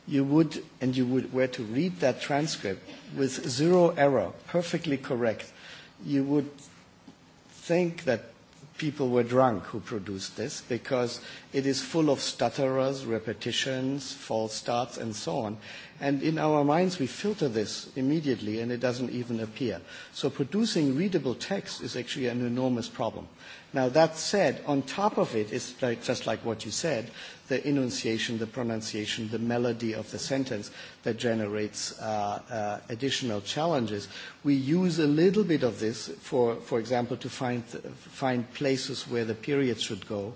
you would, and you would, were to read that transcript with zero error, perfectly correct, you would think that people were drunk who produced this because it is full of stutterers, repetitions, false starts, and so on. And in our minds, we filter this immediately and it doesn't even appear. So producing readable text is actually an enormous problem. Now, that said, on top of it, it's like, just like what you said, the enunciation, the pronunciation, the melody of the sentence that generates uh, uh, additional challenges. We use a little bit of this, for, for example, to find, find places where the period should go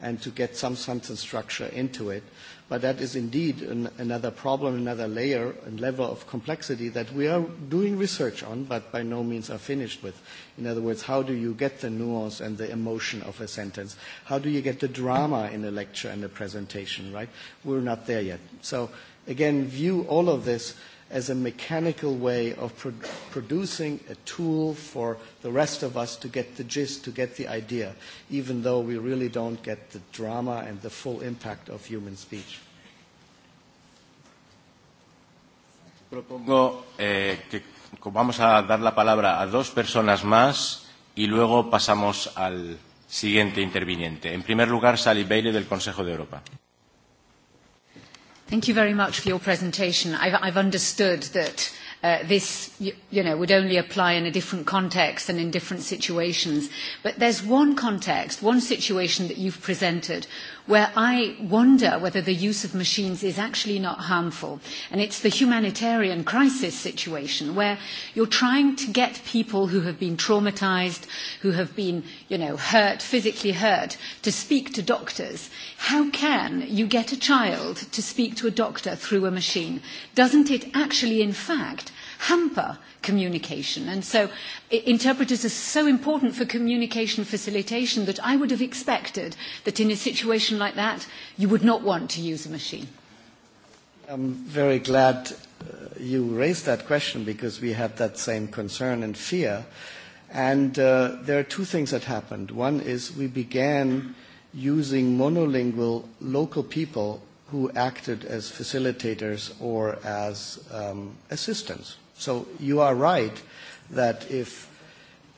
and to get some sentence structure into it. But that is indeed an, another problem, another layer and level of complexity that we are doing research on, but by no means are finished with. In other words, how do you get the nuance and the emotion of a sentence? How do you get the drama in a lecture and a presentation, right? We're not there yet. So again, view all of this as a mechanical way of pro producing a tool for the rest of us to get the gist, to get the idea, even though we really don't get the drama and the full impact of human speech. Propongo eh, que vamos a dar la palabra a dos personas más y luego pasamos al siguiente interviniente. En primer lugar, Sally Bailey del Consejo de Europa. Thank you very much for your presentation. I've, I've understood that uh, this you, you know, would only apply in a different context and in different situations. But there's one context, one situation that you've presented where I wonder whether the use of machines is actually not harmful. And it's the humanitarian crisis situation where you're trying to get people who have been traumatized, who have been, you know, hurt, physically hurt, to speak to doctors. How can you get a child to speak to a doctor through a machine? Doesn't it actually, in fact, hamper communication. And so interpreters are so important for communication facilitation that I would have expected that in a situation like that, you would not want to use a machine. I'm very glad uh, you raised that question because we have that same concern and fear. And uh, there are two things that happened. One is we began using monolingual local people who acted as facilitators or as um, assistants. So you are right that if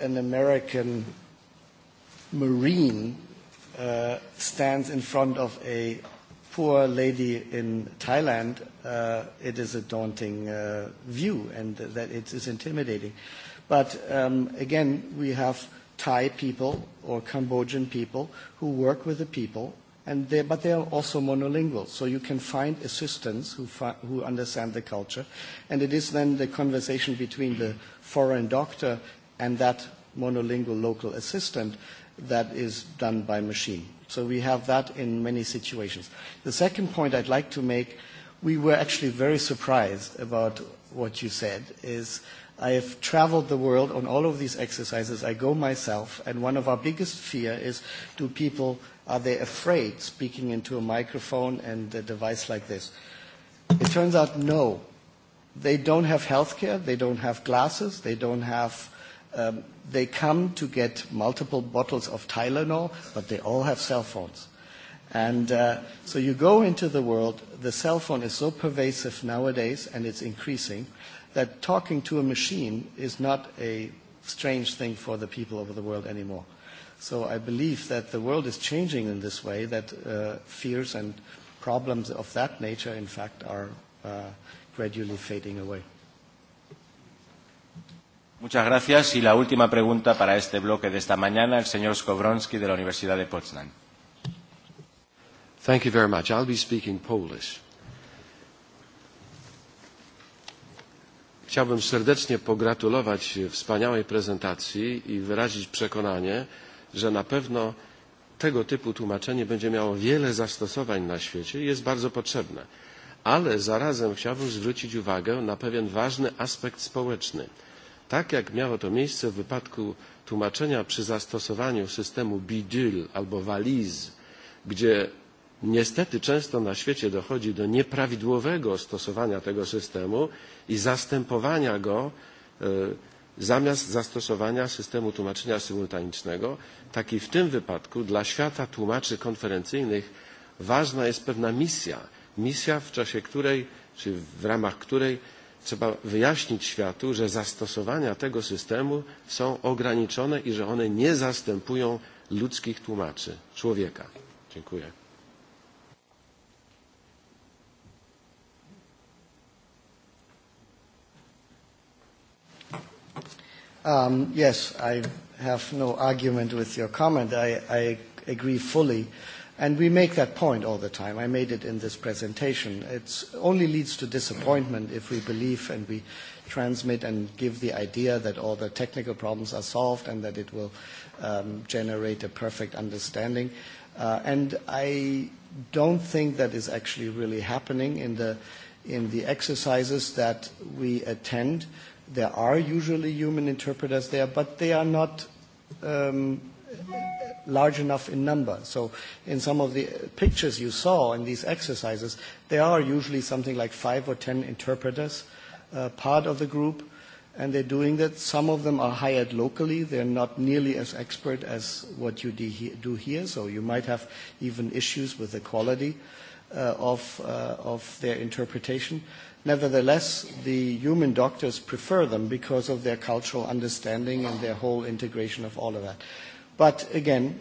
an American Marine uh, stands in front of a poor lady in Thailand, uh, it is a daunting uh, view and that it is intimidating. But um, again, we have Thai people or Cambodian people who work with the people and they, but they are also monolingual. So you can find assistants who, fi who understand the culture, and it is then the conversation between the foreign doctor and that monolingual local assistant that is done by machine. So we have that in many situations. The second point I'd like to make, we were actually very surprised about what you said, is I have traveled the world on all of these exercises. I go myself, and one of our biggest fear is do people, are they afraid speaking into a microphone and a device like this? It turns out no. They don't have health care, they don't have glasses, they don't have, um, they come to get multiple bottles of Tylenol, but they all have cell phones. And uh, so you go into the world, the cell phone is so pervasive nowadays, and it's increasing that talking to a machine is not a strange thing for the people over the world anymore. So I believe that the world is changing in this way, that uh, fears and problems of that nature, in fact, are uh, gradually fading away. Muchas gracias. Y la última pregunta para este bloque de esta mañana, el señor Skowronski de la Universidad de Poznan. Thank you very much. I'll be speaking Polish. Chciałbym serdecznie pogratulować wspaniałej prezentacji i wyrazić przekonanie, że na pewno tego typu tłumaczenie będzie miało wiele zastosowań na świecie i jest bardzo potrzebne. Ale zarazem chciałbym zwrócić uwagę na pewien ważny aspekt społeczny. Tak jak miało to miejsce w wypadku tłumaczenia przy zastosowaniu systemu bidule albo waliz, gdzie Niestety często na świecie dochodzi do nieprawidłowego stosowania tego systemu i zastępowania go e, zamiast zastosowania systemu tłumaczenia symultanicznego. Tak i w tym wypadku dla świata tłumaczy konferencyjnych ważna jest pewna misja. Misja, w czasie której, czy w ramach której trzeba wyjaśnić światu, że zastosowania tego systemu są ograniczone i że one nie zastępują ludzkich tłumaczy, człowieka. Dziękuję. Um, yes, I have no argument with your comment. I, I agree fully. And we make that point all the time. I made it in this presentation. It only leads to disappointment if we believe and we transmit and give the idea that all the technical problems are solved and that it will um, generate a perfect understanding. Uh, and I don't think that is actually really happening in the, in the exercises that we attend There are usually human interpreters there, but they are not um, large enough in number. So in some of the pictures you saw in these exercises, there are usually something like five or ten interpreters uh, part of the group, and they're doing that. Some of them are hired locally. They're not nearly as expert as what you do here, so you might have even issues with the quality uh, of, uh, of their interpretation. Uh, Nevertheless, the human doctors prefer them because of their cultural understanding and their whole integration of all of that. But again,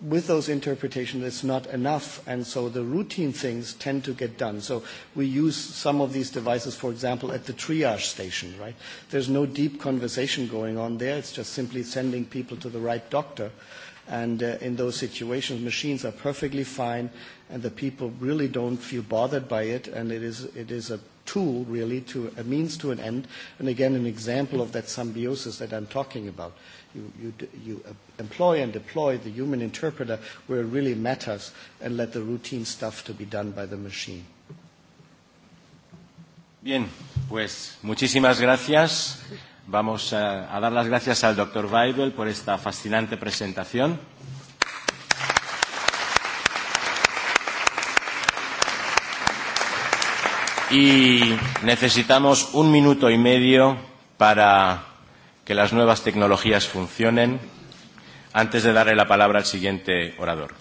with those interpretations, it's not enough, and so the routine things tend to get done. So we use some of these devices, for example, at the triage station, right? There's no deep conversation going on there. It's just simply sending people to the right doctor. Uh, And uh, in those situations, machines are perfectly fine, and the people really don't feel bothered by it. And it is, it is a tool, really, to a means to an end. And again, an example of that symbiosis that I'm talking about. You, you, you uh, employ and deploy the human interpreter where it really matters and let the routine stuff to be done by the machine. Bien, pues muchísimas gracias. Vamos a, a dar las gracias al doctor Weibel por esta fascinante presentación. Y necesitamos un minuto y medio para que las nuevas tecnologías funcionen antes de darle la palabra al siguiente orador.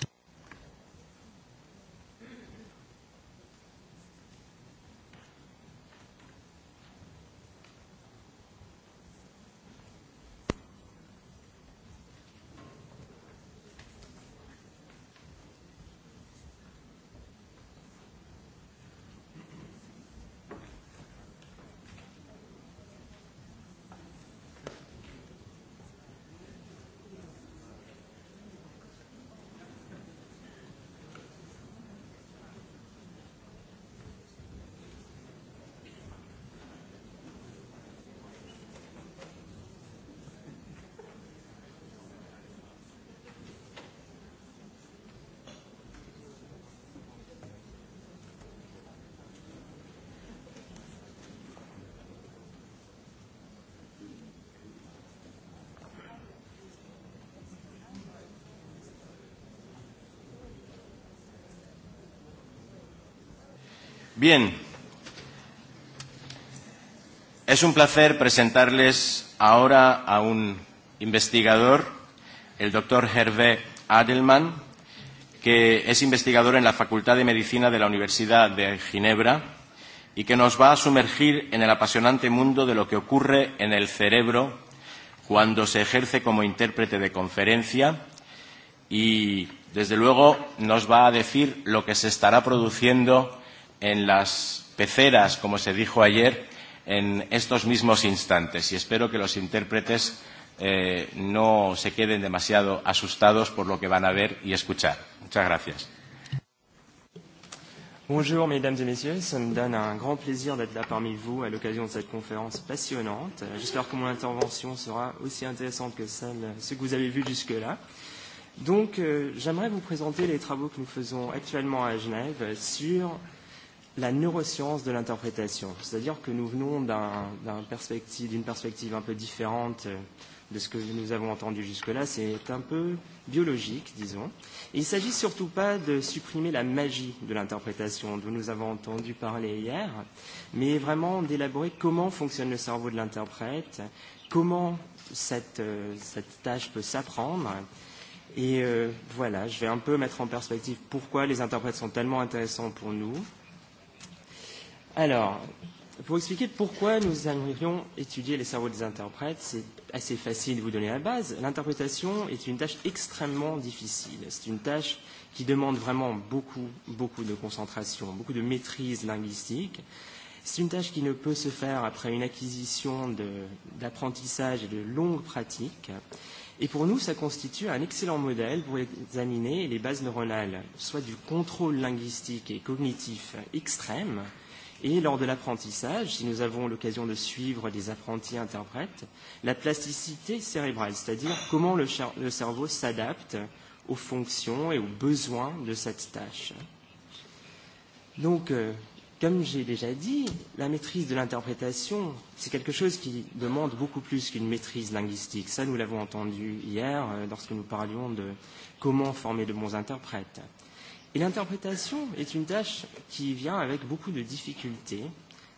Bien. Es un placer presentarles ahora a un investigador, el doctor Hervé Adelman, que es investigador en la Facultad de Medicina de la Universidad de Ginebra y que nos va a sumergir en el apasionante mundo de lo que ocurre en el cerebro cuando se ejerce como intérprete de conferencia y, desde luego, nos va a decir lo que se estará produciendo en las peceras, como se dijo ayer, en estos mismos instantes. Y espero que los intérpretes eh, no se queden demasiado asustados por lo que van a ver y escuchar. Muchas gracias. Bonjour mesdames et messieurs, ça me donne un grand plaisir d'être là parmi vous à l'occasion de cette conférence passionnante. J'espère que mon intervention sera aussi intéressante que celle, ce que vous avez vu jusque-là. Donc euh, j'aimerais vous présenter les travaux que nous faisons actuellement à Genève sur la neuroscience de l'interprétation. C'est-à-dire que nous venons d'une un, perspective, perspective un peu différente euh, de ce que nous avons entendu jusque-là. C'est un peu biologique, disons. Et il ne s'agit surtout pas de supprimer la magie de l'interprétation dont nous avons entendu parler hier, mais vraiment d'élaborer comment fonctionne le cerveau de l'interprète, comment cette, euh, cette tâche peut s'apprendre. Et euh, voilà, je vais un peu mettre en perspective pourquoi les interprètes sont tellement intéressants pour nous, Alors, pour expliquer pourquoi nous aimerions étudier les cerveaux des interprètes, c'est assez facile de vous donner la base. L'interprétation est une tâche extrêmement difficile. C'est une tâche qui demande vraiment beaucoup, beaucoup de concentration, beaucoup de maîtrise linguistique. C'est une tâche qui ne peut se faire après une acquisition d'apprentissage et de longues pratiques. Et pour nous, ça constitue un excellent modèle pour examiner les bases neuronales, soit du contrôle linguistique et cognitif extrême, Et lors de l'apprentissage, si nous avons l'occasion de suivre des apprentis interprètes, la plasticité cérébrale, c'est-à-dire comment le, cher- le cerveau s'adapte aux fonctions et aux besoins de cette tâche. Donc, euh, comme j'ai déjà dit, la maîtrise de l'interprétation, c'est quelque chose qui demande beaucoup plus qu'une maîtrise linguistique. Ça, nous l'avons entendu hier euh, lorsque nous parlions de comment former de bons interprètes. Et l'interprétation est une tâche qui vient avec beaucoup de difficultés.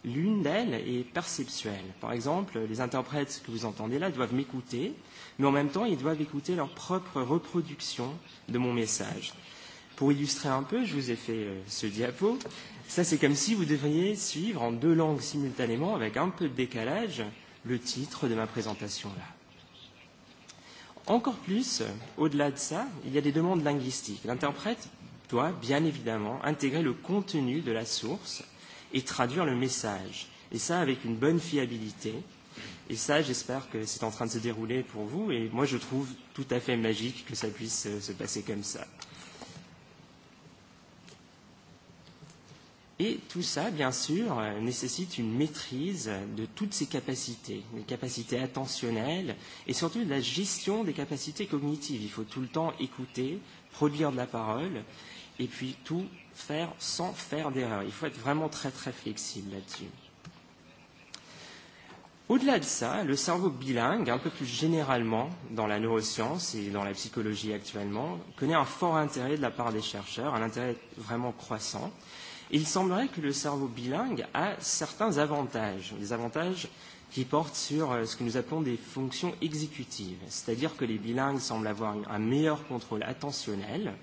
L'une d'elles est perceptuelle. Par exemple, les interprètes que vous entendez là doivent m'écouter, mais en même temps, ils doivent écouter leur propre reproduction de mon message. Pour illustrer un peu, je vous ai fait euh, ce diapo. Ça, c'est comme si vous devriez suivre en deux langues simultanément, avec un peu de décalage, le titre de ma présentation là. Encore plus, au-delà de ça, il y a des demandes linguistiques. L'interprète doit bien évidemment intégrer le contenu de la source et traduire le message. Et ça avec une bonne fiabilité. Et ça, j'espère que c'est en train de se dérouler pour vous. Et moi, je trouve tout à fait magique que ça puisse euh, se passer comme ça. Et tout ça, bien sûr, euh, nécessite une maîtrise de toutes ces capacités, les capacités attentionnelles et surtout de la gestion des capacités cognitives. Il faut tout le temps écouter, produire de la parole et puis tout faire sans faire d'erreur. Il faut être vraiment très très flexible là-dessus. Au-delà de ça, le cerveau bilingue, un peu plus généralement dans la neuroscience et dans la psychologie actuellement, connaît un fort intérêt de la part des chercheurs, un intérêt vraiment croissant. Il semblerait que le cerveau bilingue a certains avantages, des avantages qui portent sur euh, ce que nous appelons des fonctions exécutives, c'est-à-dire que les bilingues semblent avoir un meilleur contrôle attentionnel,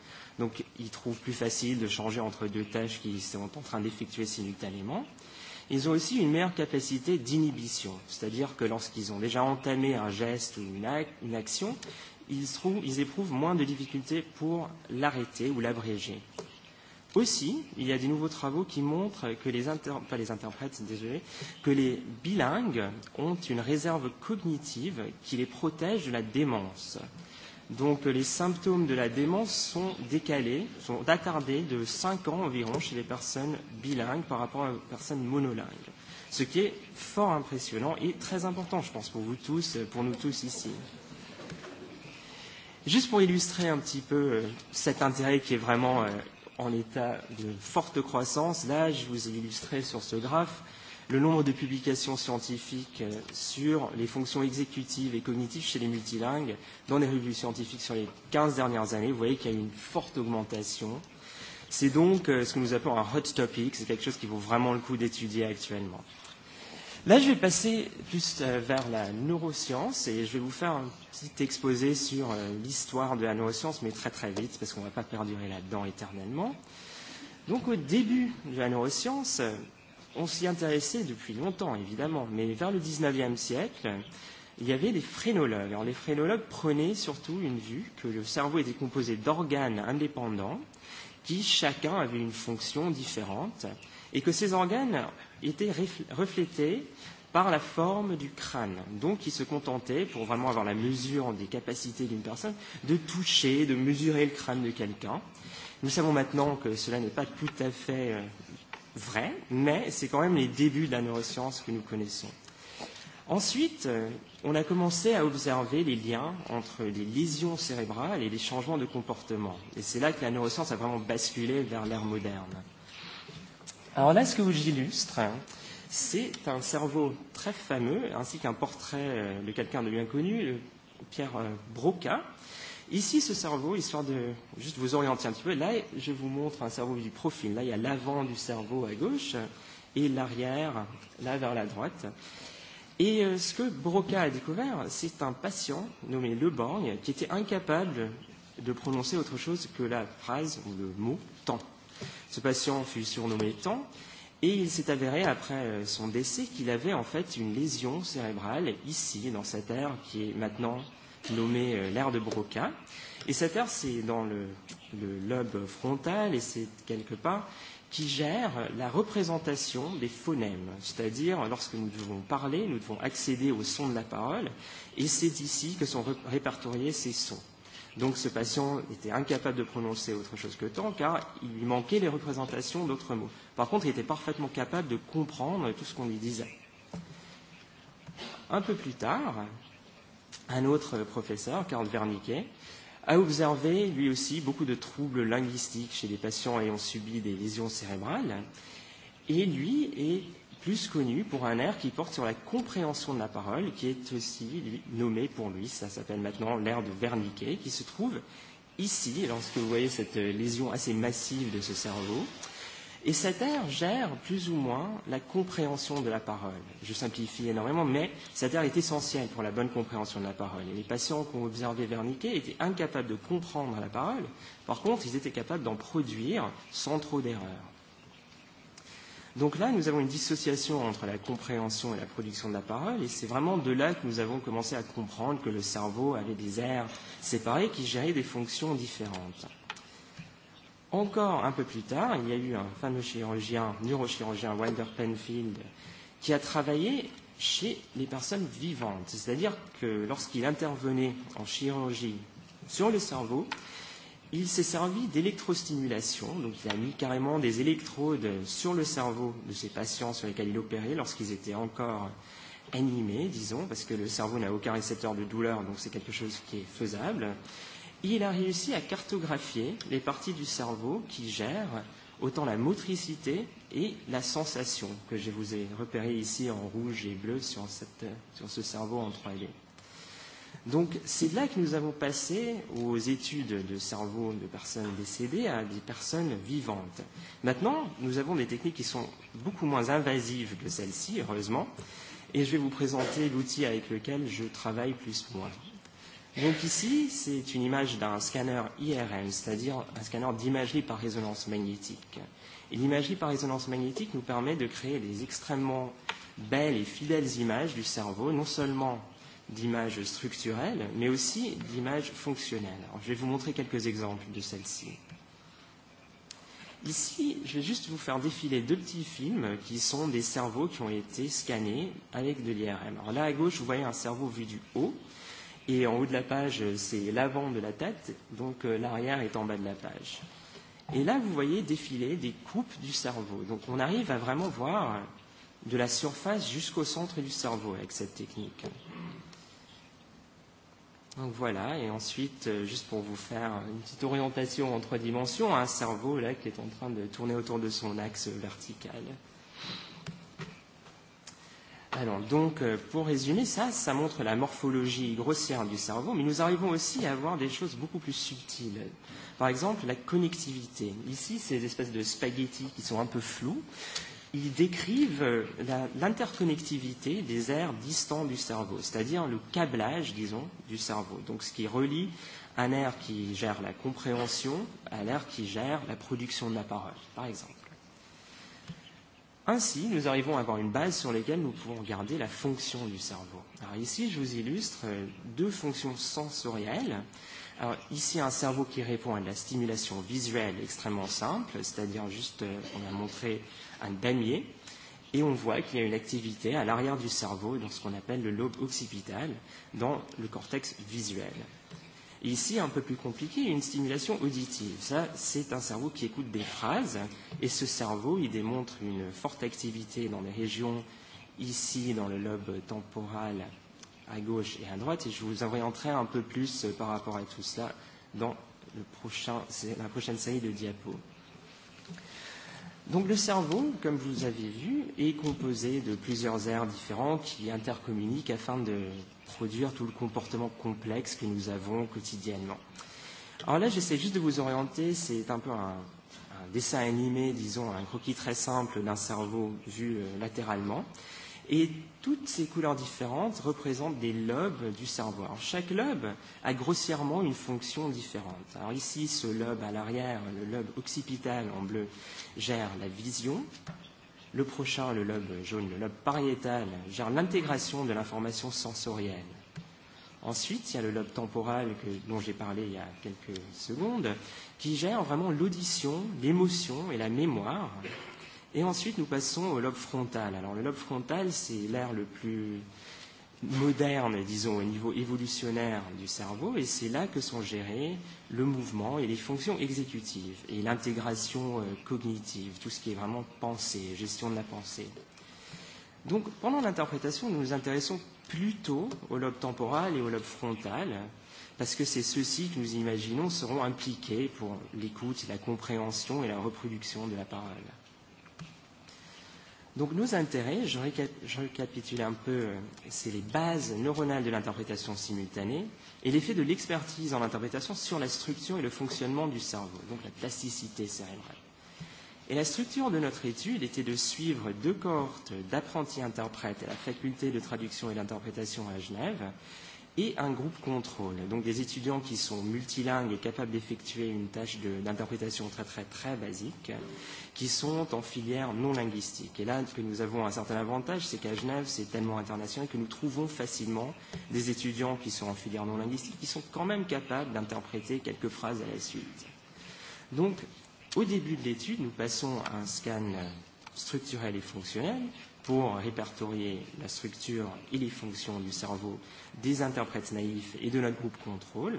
Donc, ils trouvent plus facile de changer entre deux tâches qu'ils sont en train d'effectuer simultanément. Ils ont aussi une meilleure capacité d'inhibition, c'est-à-dire que lorsqu'ils ont déjà entamé un geste ou une, ac une action, ils, trouvent, ils éprouvent moins de difficultés pour l'arrêter ou l'abréger. Aussi, il y a des nouveaux travaux qui montrent que les, inter... pas les interprètes, désolé, que les bilingues ont une réserve cognitive qui les protège de la démence. Euh, Donc les symptômes de la démence sont décalés, sont attardés de 5 ans environ chez les personnes bilingues par rapport aux personnes monolingues. Ce qui est fort impressionnant et très important, je pense, pour vous tous, pour nous tous ici. Juste pour illustrer un petit peu euh, cet intérêt qui est vraiment euh, en état de forte croissance, là, je vous ai illustré sur ce graphe le nombre de publications scientifiques euh, sur les fonctions exécutives et cognitives chez les multilingues dans les revues scientifiques sur les 15 dernières années. Vous voyez qu'il y a eu une forte augmentation. C'est donc euh, ce que nous appelons un hot topic, c'est quelque chose qui vaut vraiment le coup d'étudier actuellement. Là, je vais passer plus euh, vers la neuroscience et je vais vous faire un petit exposé sur l'histoire de la neuroscience, mais très très vite, parce qu'on ne va pas perdurer là-dedans éternellement. Donc au début de la neuroscience, on s'y intéressait depuis longtemps, évidemment, mais vers le 19e siècle, il y avait des phrénologues. Alors, les phrénologues prenaient surtout une vue que le cerveau était composé d'organes indépendants qui chacun avait une fonction différente et que ces organes étaient reflétés par la forme du crâne. Donc ils se contentaient, pour vraiment avoir la mesure des capacités d'une personne, de toucher, de mesurer le crâne de quelqu'un. Nous savons maintenant que cela n'est pas tout à fait euh, vrai, mais c'est quand même les débuts de la neuroscience que nous connaissons. Ensuite, euh, on a commencé à observer les liens entre les lésions cérébrales et les changements de comportement. Et c'est là que la neuroscience a vraiment basculé vers l'ère moderne. Alors là, ce que j'illustre, c'est un cerveau très fameux, ainsi qu'un portrait euh, de quelqu'un de bien connu, euh, Pierre Broca, Ici, ce cerveau, histoire de juste vous orienter un petit peu, là, je vous montre un cerveau du profil. Là, il y a l'avant du cerveau à gauche et l'arrière, là, vers la droite. Et euh, ce que Broca a découvert, c'est un patient nommé Le Borgne qui était incapable de prononcer autre chose que la phrase ou le mot temps. Ce patient fut surnommé temps et il s'est avéré après euh, son décès qu'il avait en fait une lésion cérébrale ici dans cette aire qui est maintenant nommé euh, l'aire de Broca. Et cette aire, c'est dans le, le lobe frontal et c'est quelque part qui gère la représentation des phonèmes, c'est-à-dire lorsque nous devons parler, nous devons accéder au son de la parole, et c'est ici que sont répertoriés ces sons. Donc ce patient était incapable de prononcer autre chose que tant, car il lui manquait les représentations d'autres mots. Par contre, il était parfaitement capable de comprendre tout ce qu'on lui disait. Un peu plus tard, Un autre professeur, Karl Wernicke, a observé lui aussi beaucoup de troubles linguistiques chez des patients ayant subi des lésions cérébrales. Et lui est plus connu pour un air qui porte sur la compréhension de la parole, qui est aussi lui, nommé pour lui, ça s'appelle maintenant l'air de Wernicke, qui se trouve ici, lorsque vous voyez cette lésion assez massive de ce cerveau. Euh, Et cet air gère plus ou moins la compréhension de la parole. Je simplifie énormément, mais cet air est essentiel pour la bonne compréhension de la parole. Et les patients qui ont observé Wernicke étaient incapables de comprendre la parole. Par contre, ils étaient capables d'en produire sans trop d'erreurs. Donc là, nous avons une dissociation entre la compréhension et la production de la parole, et c'est vraiment de là que nous avons commencé à comprendre que le cerveau avait des aires séparées qui géraient des fonctions différentes. Encore un peu plus tard, il y a eu un fameux chirurgien, neurochirurgien Wender Penfield, qui a travaillé chez les personnes vivantes. C'est-à-dire que lorsqu'il intervenait en chirurgie sur le cerveau, il s'est servi d'électrostimulation, donc il a mis carrément des électrodes sur le cerveau de ces patients sur lesquels il opérait lorsqu'ils étaient encore animés, disons, parce que le cerveau n'a aucun récepteur de douleur, donc c'est quelque chose qui est faisable. Euh, il a réussi à cartographier les parties du cerveau qui gèrent autant la motricité et la sensation que je vous ai repéré ici en rouge et bleu sur, cette, sur ce cerveau en 3D. Donc c'est là que nous avons passé aux études de cerveau de personnes décédées à des personnes vivantes. Maintenant, nous avons des techniques qui sont beaucoup moins invasives que celles-ci, heureusement, et je vais vous présenter l'outil avec lequel je travaille plus ou moins. Donc ici, c'est une image d'un scanner IRM, c'est-à-dire un scanner d'imagerie par résonance magnétique. Et l'imagerie par résonance magnétique nous permet de créer des extrêmement belles et fidèles images du cerveau, non seulement d'images structurelles, mais aussi d'images fonctionnelles. Alors, je vais vous montrer quelques exemples de celles-ci. Ici, je vais juste vous faire défiler deux petits films qui sont des cerveaux qui ont été scannés avec de l'IRM. Alors là, à gauche, vous voyez un cerveau vu du haut, Et en haut de la page, c'est l'avant de la tête, donc euh, l'arrière est en bas de la page. Et là, vous voyez défiler des coupes du cerveau. Donc on arrive à vraiment voir de la surface jusqu'au centre du cerveau avec cette technique. Donc voilà, et ensuite, euh, juste pour vous faire une petite orientation en trois dimensions, un cerveau là qui est en train de tourner autour de son axe vertical. Alors donc, euh, pour résumer, ça, ça montre la morphologie grossière du cerveau, mais nous arrivons aussi à voir des choses beaucoup plus subtiles. Par exemple, la connectivité. Ici, ces espèces de spaghettis qui sont un peu flous, ils décrivent euh, l'interconnectivité des aires distants du cerveau, c'est-à-dire le câblage, disons, du cerveau. Donc ce qui relie un air qui gère la compréhension à l'air qui gère la production de la parole, par exemple. Ainsi, nous arrivons à avoir une base sur laquelle nous pouvons regarder la fonction du cerveau. Alors ici, je vous illustre euh, deux fonctions sensorielles. Alors ici, un cerveau qui répond à de la stimulation visuelle extrêmement simple, c'est-à-dire juste, euh, on a montré un damier, et on voit qu'il y a une activité à l'arrière du cerveau, dans ce qu'on appelle le lobe occipital, dans le cortex visuel. Et ici, un peu plus compliqué, une stimulation auditive. Ça, c'est un cerveau qui écoute des phrases, et ce cerveau, il démontre une forte activité dans les régions, ici, dans le lobe temporal à gauche et à droite, et je vous orienterai un peu plus euh, par rapport à tout cela dans le prochain, la prochaine série de diapos. Donc le cerveau, comme vous avez vu, est composé de plusieurs aires différentes qui intercommuniquent afin de produire tout le comportement complexe que nous avons quotidiennement. Alors là, j'essaie juste de vous orienter, c'est un peu un, un dessin animé, disons, un croquis très simple d'un cerveau vu euh, latéralement. Et toutes ces couleurs différentes représentent des lobes du cerveau. Alors, chaque lobe a grossièrement une fonction différente. Alors ici, ce lobe à l'arrière, le lobe occipital en bleu, gère la vision le prochain, le lobe jaune, le lobe pariétal, gère l'intégration de l'information sensorielle. Ensuite, il y a le lobe temporal que, dont j'ai parlé il y a quelques secondes, qui gère vraiment l'audition, l'émotion et la mémoire. Et ensuite, nous passons au lobe frontal. Alors, le lobe frontal, c'est l'air le plus, moderne, disons, au niveau évolutionnaire du cerveau, et c'est là que sont gérés le mouvement et les fonctions exécutives, et l'intégration euh, cognitive, tout ce qui est vraiment pensée, gestion de la pensée. Donc, pendant l'interprétation, nous nous intéressons plutôt au lobe temporal et au lobe frontal, parce que c'est ceux-ci que nous imaginons seront impliqués pour l'écoute, la compréhension et la reproduction de la parole. Donc nos intérêts, je, récap je récapitule un peu, euh, c'est les bases neuronales de l'interprétation simultanée et l'effet de l'expertise en interprétation sur la structure et le fonctionnement du cerveau, donc la plasticité cérébrale. Et la structure de notre étude était de suivre deux cohortes d'apprentis interprètes à la faculté de traduction et d'interprétation à Genève et un groupe contrôle. Donc des étudiants qui sont multilingues et capables d'effectuer une tâche d'interprétation très très très basique, qui sont en filière non linguistique. Et là, ce que nous avons un certain avantage, c'est qu'à Genève, c'est tellement international que nous trouvons facilement des étudiants qui sont en filière non linguistique, qui sont quand même capables d'interpréter quelques phrases à la suite. Donc, au début de l'étude, nous passons à un scan euh, structurel et fonctionnel, pour répertorier la structure et les fonctions du cerveau des interprètes naïfs et de notre groupe contrôle.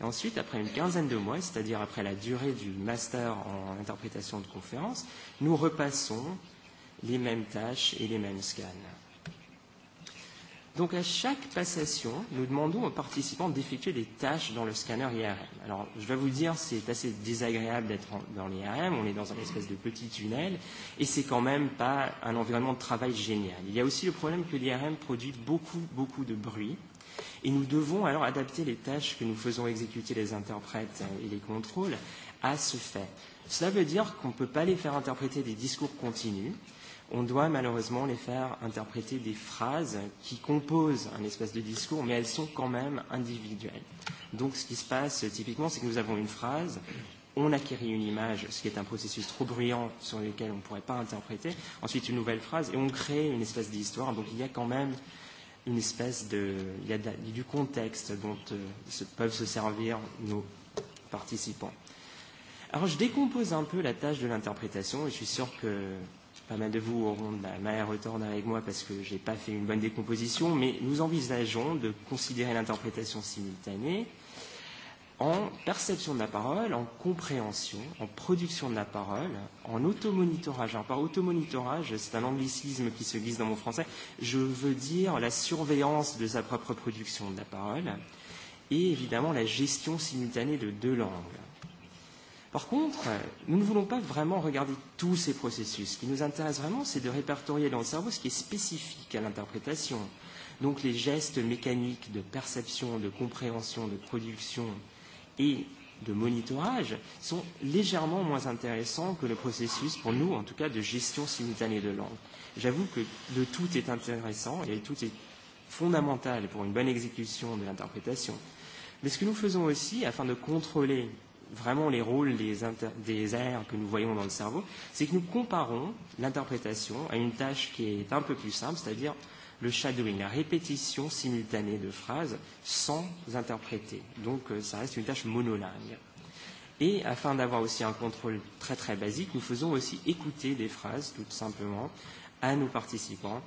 Et ensuite, après une quinzaine de mois, c'est-à-dire après la durée du master en interprétation de conférence, nous repassons les mêmes tâches et les mêmes scans. Donc à chaque passation, nous demandons aux participants d'effectuer des tâches dans le scanner IRM. Alors je vais vous dire, c'est assez désagréable d'être dans l'IRM, on est dans un espèce de petit tunnel, et c'est quand même pas un environnement de travail génial. Il y a aussi le problème que l'IRM produit beaucoup, beaucoup de bruit, et nous devons alors adapter les tâches que nous faisons exécuter les interprètes et les contrôles à ce fait. Cela veut dire qu'on ne peut pas les faire interpréter des discours continus, on doit malheureusement les faire interpréter des phrases qui composent un espèce de discours, mais elles sont quand même individuelles. Donc ce qui se passe typiquement, c'est que nous avons une phrase, on acquérit une image, ce qui est un processus trop bruyant sur lequel on ne pourrait pas interpréter, ensuite une nouvelle phrase, et on crée une espèce d'histoire. Donc il y a quand même une espèce de... Il y a de, du contexte dont euh, se, peuvent se servir nos participants. Alors je décompose un peu la tâche de l'interprétation, et je suis sûr que Pas mal de vous auront de la à retordre avec moi parce que je n'ai pas fait une bonne décomposition, mais nous envisageons de considérer l'interprétation simultanée en perception de la parole, en compréhension, en production de la parole, en automonitorage. Alors par automonitorage, c'est un anglicisme qui se glisse dans mon français, je veux dire la surveillance de sa propre production de la parole et évidemment la gestion simultanée de deux langues. Par contre, nous ne voulons pas vraiment regarder tous ces processus. Ce qui nous intéresse vraiment, c'est de répertorier dans le cerveau ce qui est spécifique à l'interprétation. Donc les gestes mécaniques de perception, de compréhension, de production et de monitorage sont légèrement moins intéressants que le processus, pour nous en tout cas, de gestion simultanée de langue. J'avoue que le tout est intéressant et le tout est fondamental pour une bonne exécution de l'interprétation. Mais ce que nous faisons aussi, afin de contrôler vraiment les rôles des, inter, des aires que nous voyons dans le cerveau, c'est que nous comparons l'interprétation à une tâche qui est un peu plus simple, c'est-à-dire le shadowing, la répétition simultanée de phrases sans interpréter. Donc euh, ça reste une tâche monolingue. Et afin d'avoir aussi un contrôle très très basique, nous faisons aussi écouter des phrases tout simplement à nos participants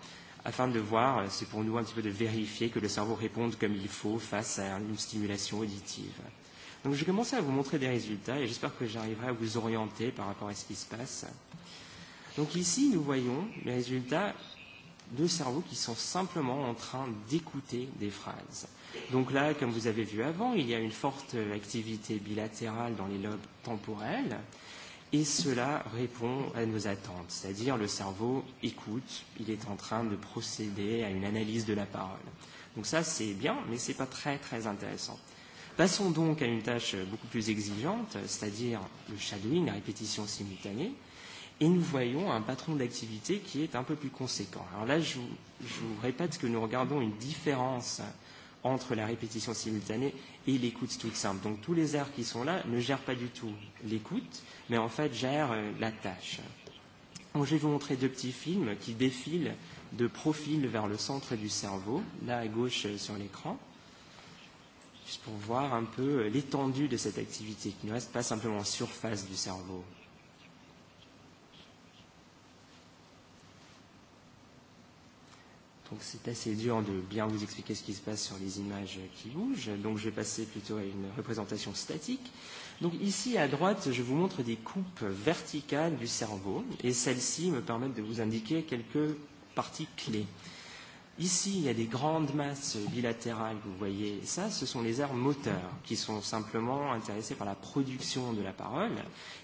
afin de voir, euh, c'est pour nous un petit peu de vérifier que le cerveau réponde comme il faut face à une stimulation auditive. Donc je vais commencer à vous montrer des résultats et j'espère que j'arriverai à vous orienter par rapport à ce qui se passe. Donc ici, nous voyons les résultats de cerveaux qui sont simplement en train d'écouter des phrases. Donc là, comme vous avez vu avant, il y a une forte activité bilatérale dans les lobes temporels et cela répond à nos attentes, c'est-à-dire le cerveau écoute, il est en train de procéder à une analyse de la parole. Donc ça, c'est bien, mais ce n'est pas très très intéressant. Passons donc à une tâche beaucoup plus exigeante, c'est-à-dire le shadowing, la répétition simultanée, et nous voyons un patron d'activité qui est un peu plus conséquent. Alors là, je vous, je vous répète que nous regardons une différence entre la répétition simultanée et l'écoute toute simple. Donc tous les airs qui sont là ne gèrent pas du tout l'écoute, mais en fait gèrent euh, la tâche. Donc, je vais vous montrer deux petits films qui défilent de profil vers le centre du cerveau, là à gauche euh, sur l'écran. Euh, juste pour voir un peu euh, l'étendue de cette activité qui ne reste pas simplement en surface du cerveau. Donc c'est assez dur de bien vous expliquer ce qui se passe sur les images qui bougent. Donc je vais passer plutôt à une représentation statique. Donc ici à droite, je vous montre des coupes verticales du cerveau et celles-ci me permettent de vous indiquer quelques parties clés. Euh, Ici, il y a des grandes masses bilatérales, que vous voyez. ça, ce sont les aires moteurs qui sont simplement intéressées par la production de la parole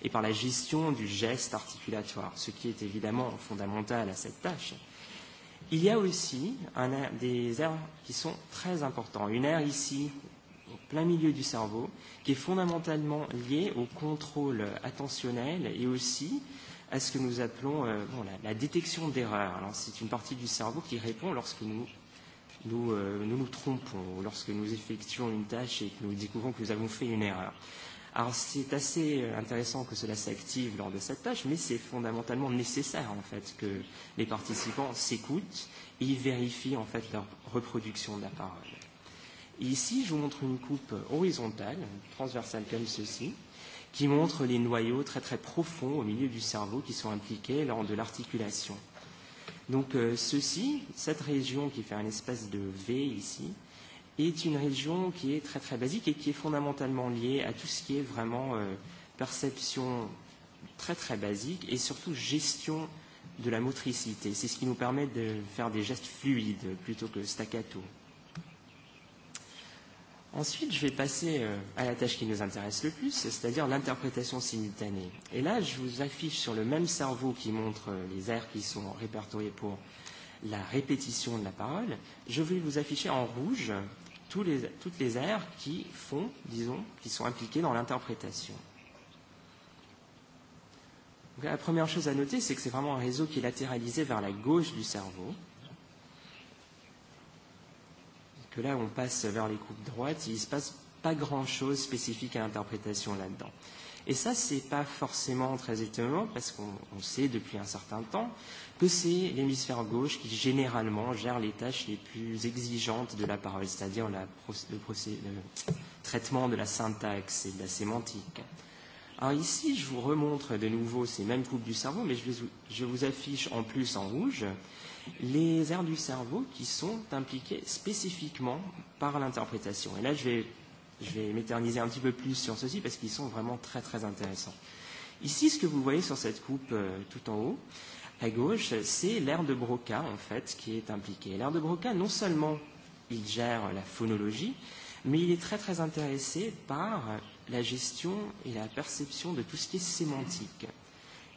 et par la gestion du geste articulatoire, ce qui est évidemment fondamental à cette tâche. Il y a aussi un air, des aires qui sont très importantes. Une aire ici, au plein milieu du cerveau, qui est fondamentalement liée au contrôle attentionnel et aussi euh, à ce que nous appelons euh, bon, la, la détection d'erreurs. c'est une partie du cerveau qui répond lorsque nous nous, euh, nous nous trompons, ou lorsque nous effectuons une tâche et que nous découvrons que nous avons fait une erreur. Alors c'est assez euh, intéressant que cela s'active lors de cette tâche, mais c'est fondamentalement nécessaire en fait que les participants s'écoutent et vérifient en fait leur reproduction de la parole. Et ici, je vous montre une coupe horizontale, transversale comme ceci, qui montre les noyaux très très profonds au milieu du cerveau qui sont impliqués lors de l'articulation. Donc euh, ceci, cette région qui fait un espèce de V ici, est une région qui est très très basique et qui est fondamentalement liée à tout ce qui est vraiment euh, perception très très basique et surtout gestion de la motricité. C'est ce qui nous permet de faire des gestes fluides plutôt que staccato. Ensuite, je vais passer euh, à la tâche qui nous intéresse le plus, c'est-à-dire l'interprétation simultanée. Et là, je vous affiche sur le même cerveau qui montre euh, les aires qui sont répertoriées pour la répétition de la parole, je vais vous afficher en rouge tous les, toutes les aires qui font, disons, qui sont impliquées dans l'interprétation. La première chose à noter, c'est que c'est vraiment un réseau qui est latéralisé vers la gauche du cerveau que là, on passe vers les coupes droites, il ne se passe pas grand-chose spécifique à l'interprétation là-dedans. Et ça, ce n'est pas forcément très étonnant, parce qu'on sait depuis un certain temps que c'est l'hémisphère gauche qui, généralement, gère les tâches les plus exigeantes de la parole, c'est-à-dire la, le, le traitement de la syntaxe et de la sémantique. Alors ici, je vous remontre de nouveau ces mêmes coupes du cerveau, mais je, vous, je vous affiche en plus en rouge les aires du cerveau qui sont impliquées spécifiquement par l'interprétation. Et là, je vais, je vais m'éterniser un petit peu plus sur ceci parce qu'ils sont vraiment très très intéressants. Ici, ce que vous voyez sur cette coupe euh, tout en haut, à gauche, c'est l'aire de Broca, en fait, qui est impliquée. L'aire de Broca, non seulement il gère la phonologie, mais il est très très intéressé par la gestion et la perception de tout ce qui est sémantique.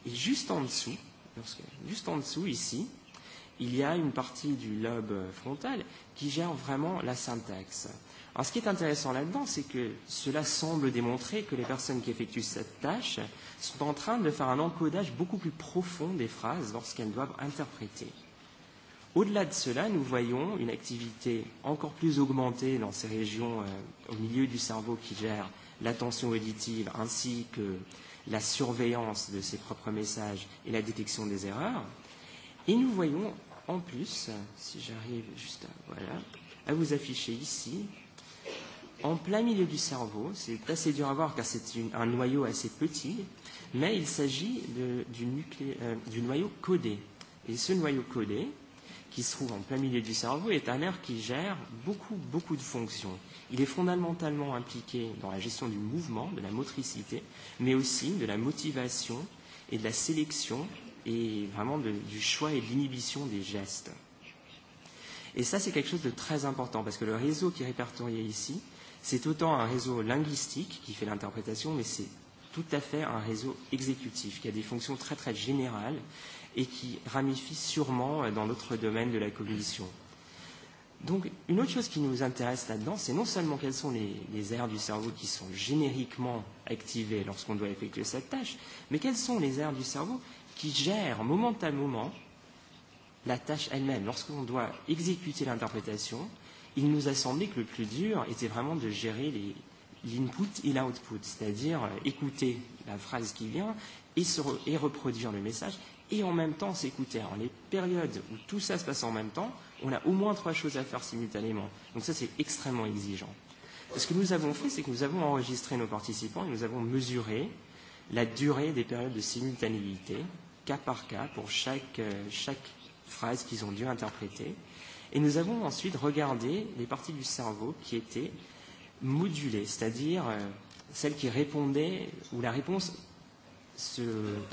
Et juste en dessous, lorsque, juste en dessous ici, il y a une partie du lobe frontal qui gère vraiment la syntaxe. Alors ce qui est intéressant là-dedans, c'est que cela semble démontrer que les personnes qui effectuent cette tâche sont en train de faire un encodage beaucoup plus profond des phrases lorsqu'elles doivent interpréter. Au-delà de cela, nous voyons une activité encore plus augmentée dans ces régions euh, au milieu du cerveau qui gère l'attention auditive ainsi que la surveillance de ses propres messages et la détection des erreurs. Et nous voyons en plus, si j'arrive juste à, voilà, à vous afficher ici, en plein milieu du cerveau, c'est assez dur à voir car c'est un noyau assez petit, mais il s'agit du, euh, du noyau codé. Et ce noyau codé, qui se trouve en plein milieu du cerveau, est un nerf qui gère beaucoup, beaucoup de fonctions. Il est fondamentalement impliqué dans la gestion du mouvement, de la motricité, mais aussi de la motivation et de la sélection et vraiment de, du choix et de l'inhibition des gestes. Et ça, c'est quelque chose de très important parce que le réseau qui est répertorié ici, c'est autant un réseau linguistique qui fait l'interprétation, mais c'est tout à fait un réseau exécutif qui a des fonctions très très générales et qui ramifie sûrement dans d'autres domaines de la cognition. Donc, une autre chose qui nous intéresse là-dedans, c'est non seulement quelles sont les, les aires du cerveau qui sont génériquement activées lorsqu'on doit effectuer cette tâche, mais quelles sont les aires du cerveau qui gère moment à moment la tâche elle-même. Lorsqu'on doit exécuter l'interprétation, il nous a semblé que le plus dur était vraiment de gérer l'input et l'output, c'est-à-dire euh, écouter la phrase qui vient et, se re, et reproduire le message et en même temps s'écouter. Alors les périodes où tout ça se passe en même temps, on a au moins trois choses à faire simultanément. Donc ça c'est extrêmement exigeant. Ce que nous avons fait, c'est que nous avons enregistré nos participants et nous avons mesuré la durée des périodes de simultanéité cas par cas pour chaque, euh, chaque phrase qu'ils ont dû interpréter. Et nous avons ensuite regardé les parties du cerveau qui étaient modulées, c'est-à-dire euh, celles qui répondaient, où la réponse se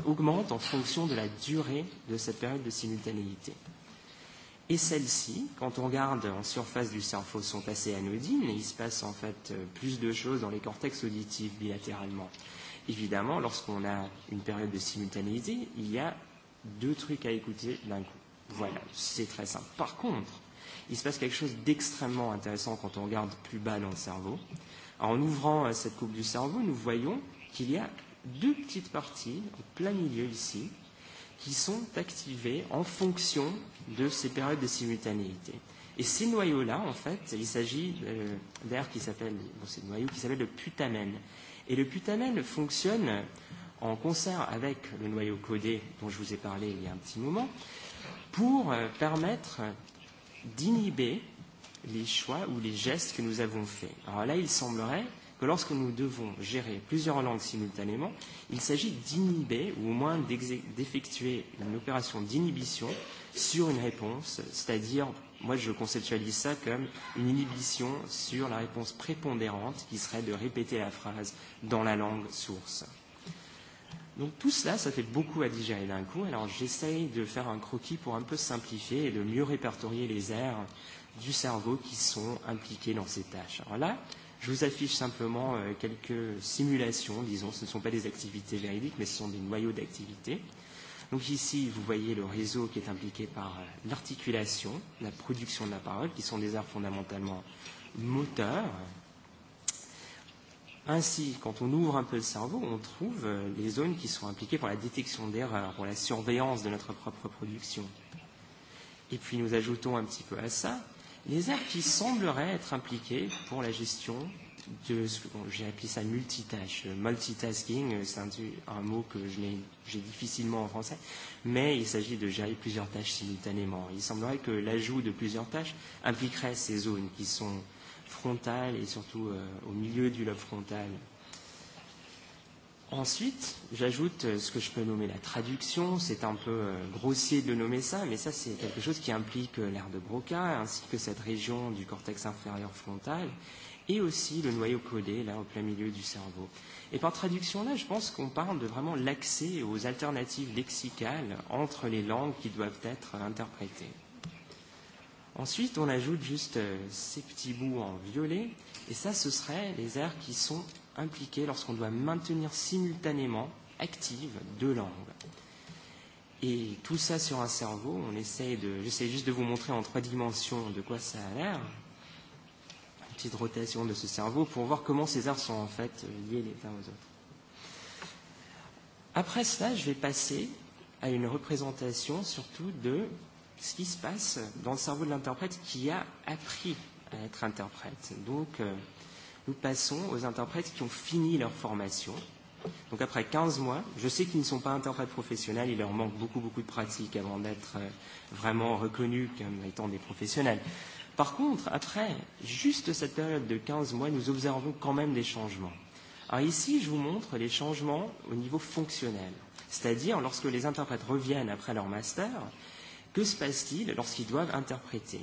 augmente en fonction de la durée de cette période de simultanéité. Et celles-ci, quand on regarde en surface du cerveau, sont assez anodines et il se passe en fait euh, plus de choses dans les cortex auditifs bilatéralement. Évidemment, lorsqu'on a une période de simultanéité, il y a deux trucs à écouter d'un coup. Voilà, c'est très simple. Par contre, il se passe quelque chose d'extrêmement intéressant quand on regarde plus bas dans le cerveau. en ouvrant euh, cette coupe du cerveau, nous voyons qu'il y a deux petites parties en plein milieu ici qui sont activées en fonction de ces périodes de simultanéité. Et ces noyaux-là, en fait, il s'agit euh, d'air qui s'appelle, bon, c'est noyau qui s'appelle le putamen. Et le putamen fonctionne en concert avec le noyau codé dont je vous ai parlé il y a un petit moment pour euh, permettre d'inhiber les choix ou les gestes que nous avons faits. Alors là, il semblerait que lorsque nous devons gérer plusieurs langues simultanément, il s'agit d'inhiber ou au moins d'effectuer une opération d'inhibition sur une réponse, c'est-à-dire moi je conceptualise ça comme une inhibition sur la réponse prépondérante qui serait de répéter la phrase dans la langue source. Donc tout cela, ça fait beaucoup à digérer d'un coup. Alors j'essaye de faire un croquis pour un peu simplifier et de mieux répertorier les aires du cerveau qui sont impliquées dans ces tâches. Alors là, je vous affiche simplement euh, quelques simulations, disons, ce ne sont pas des activités véridiques, mais ce sont des noyaux d'activités. Euh, Donc ici, vous voyez le réseau qui est impliqué par l'articulation, la production de la parole, qui sont des arts fondamentalement moteurs. Ainsi, quand on ouvre un peu le cerveau, on trouve euh, les zones qui sont impliquées pour la détection d'erreurs, pour la surveillance de notre propre production. Et puis nous ajoutons un petit peu à ça les arts qui sembleraient être impliqués pour la gestion de ce que bon, j'ai appelé ça multitâche. Euh, multitasking, euh, c'est un, un mot que j'ai difficilement en français, mais il s'agit de gérer plusieurs tâches simultanément. Il semblerait que l'ajout de plusieurs tâches impliquerait ces zones qui sont frontales et surtout euh, au milieu du lobe frontal. Ensuite, j'ajoute euh, ce que je peux nommer la traduction. C'est un peu grossier de nommer ça, mais ça, c'est quelque chose qui implique l'air de Broca, ainsi que cette région du cortex inférieur frontal, et aussi le noyau collé, là, au plein milieu du cerveau. Et par traduction, là, je pense qu'on parle de vraiment l'accès aux alternatives lexicales entre les langues qui doivent être interprétées. Ensuite, on ajoute juste euh, ces petits bouts en violet, et ça, ce serait les aires qui sont impliquées lorsqu'on doit maintenir simultanément active deux langues. Et tout ça sur un cerveau, on essaye de, j'essaie juste de vous montrer en trois dimensions de quoi ça a l'air, petite rotation de ce cerveau pour voir comment ces arts sont en fait euh, liés les uns aux autres. Après cela, je vais passer à une représentation surtout de ce qui se passe dans le cerveau de l'interprète qui a appris à être interprète. Donc, euh, nous passons aux interprètes qui ont fini leur formation. Donc après 15 mois, je sais qu'ils ne sont pas interprètes professionnels, il leur manque beaucoup beaucoup de pratique avant d'être euh, vraiment reconnus comme étant des professionnels. Par contre, après juste cette période de 15 mois, nous observons quand même des changements. Alors ici, je vous montre les changements au niveau fonctionnel, c'est-à-dire lorsque les interprètes reviennent après leur master, que se passe-t-il lorsqu'ils doivent interpréter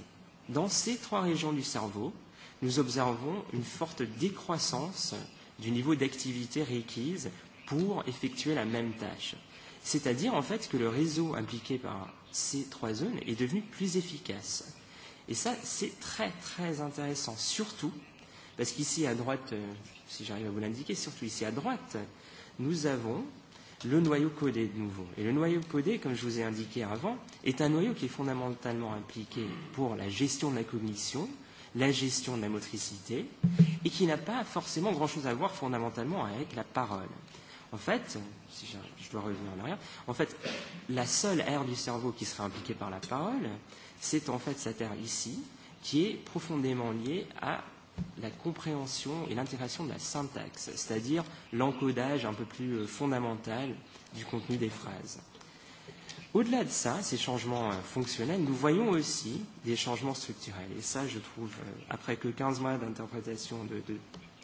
Dans ces trois régions du cerveau, nous observons une forte décroissance du niveau d'activité requise pour effectuer la même tâche. C'est-à-dire en fait que le réseau impliqué par ces trois zones est devenu plus efficace. Et ça, c'est très très intéressant, surtout parce qu'ici à droite, euh, si j'arrive à vous l'indiquer, surtout ici à droite, nous avons le noyau codé de nouveau. Et le noyau codé, comme je vous ai indiqué avant, est un noyau qui est fondamentalement impliqué pour la gestion de la cognition, la gestion de la motricité, et qui n'a pas forcément grand-chose à voir fondamentalement avec la parole. En fait, si je dois revenir en arrière, en fait, la seule aire du cerveau qui serait impliquée par la parole, c'est en fait cette ère ici qui est profondément liée à la compréhension et l'intégration de la syntaxe, c'est-à-dire l'encodage un peu plus euh, fondamental du contenu des phrases. Au-delà de ça, ces changements euh, fonctionnels, nous voyons aussi des changements structurels. Et ça, je trouve, euh, après que 15 mois d'interprétation,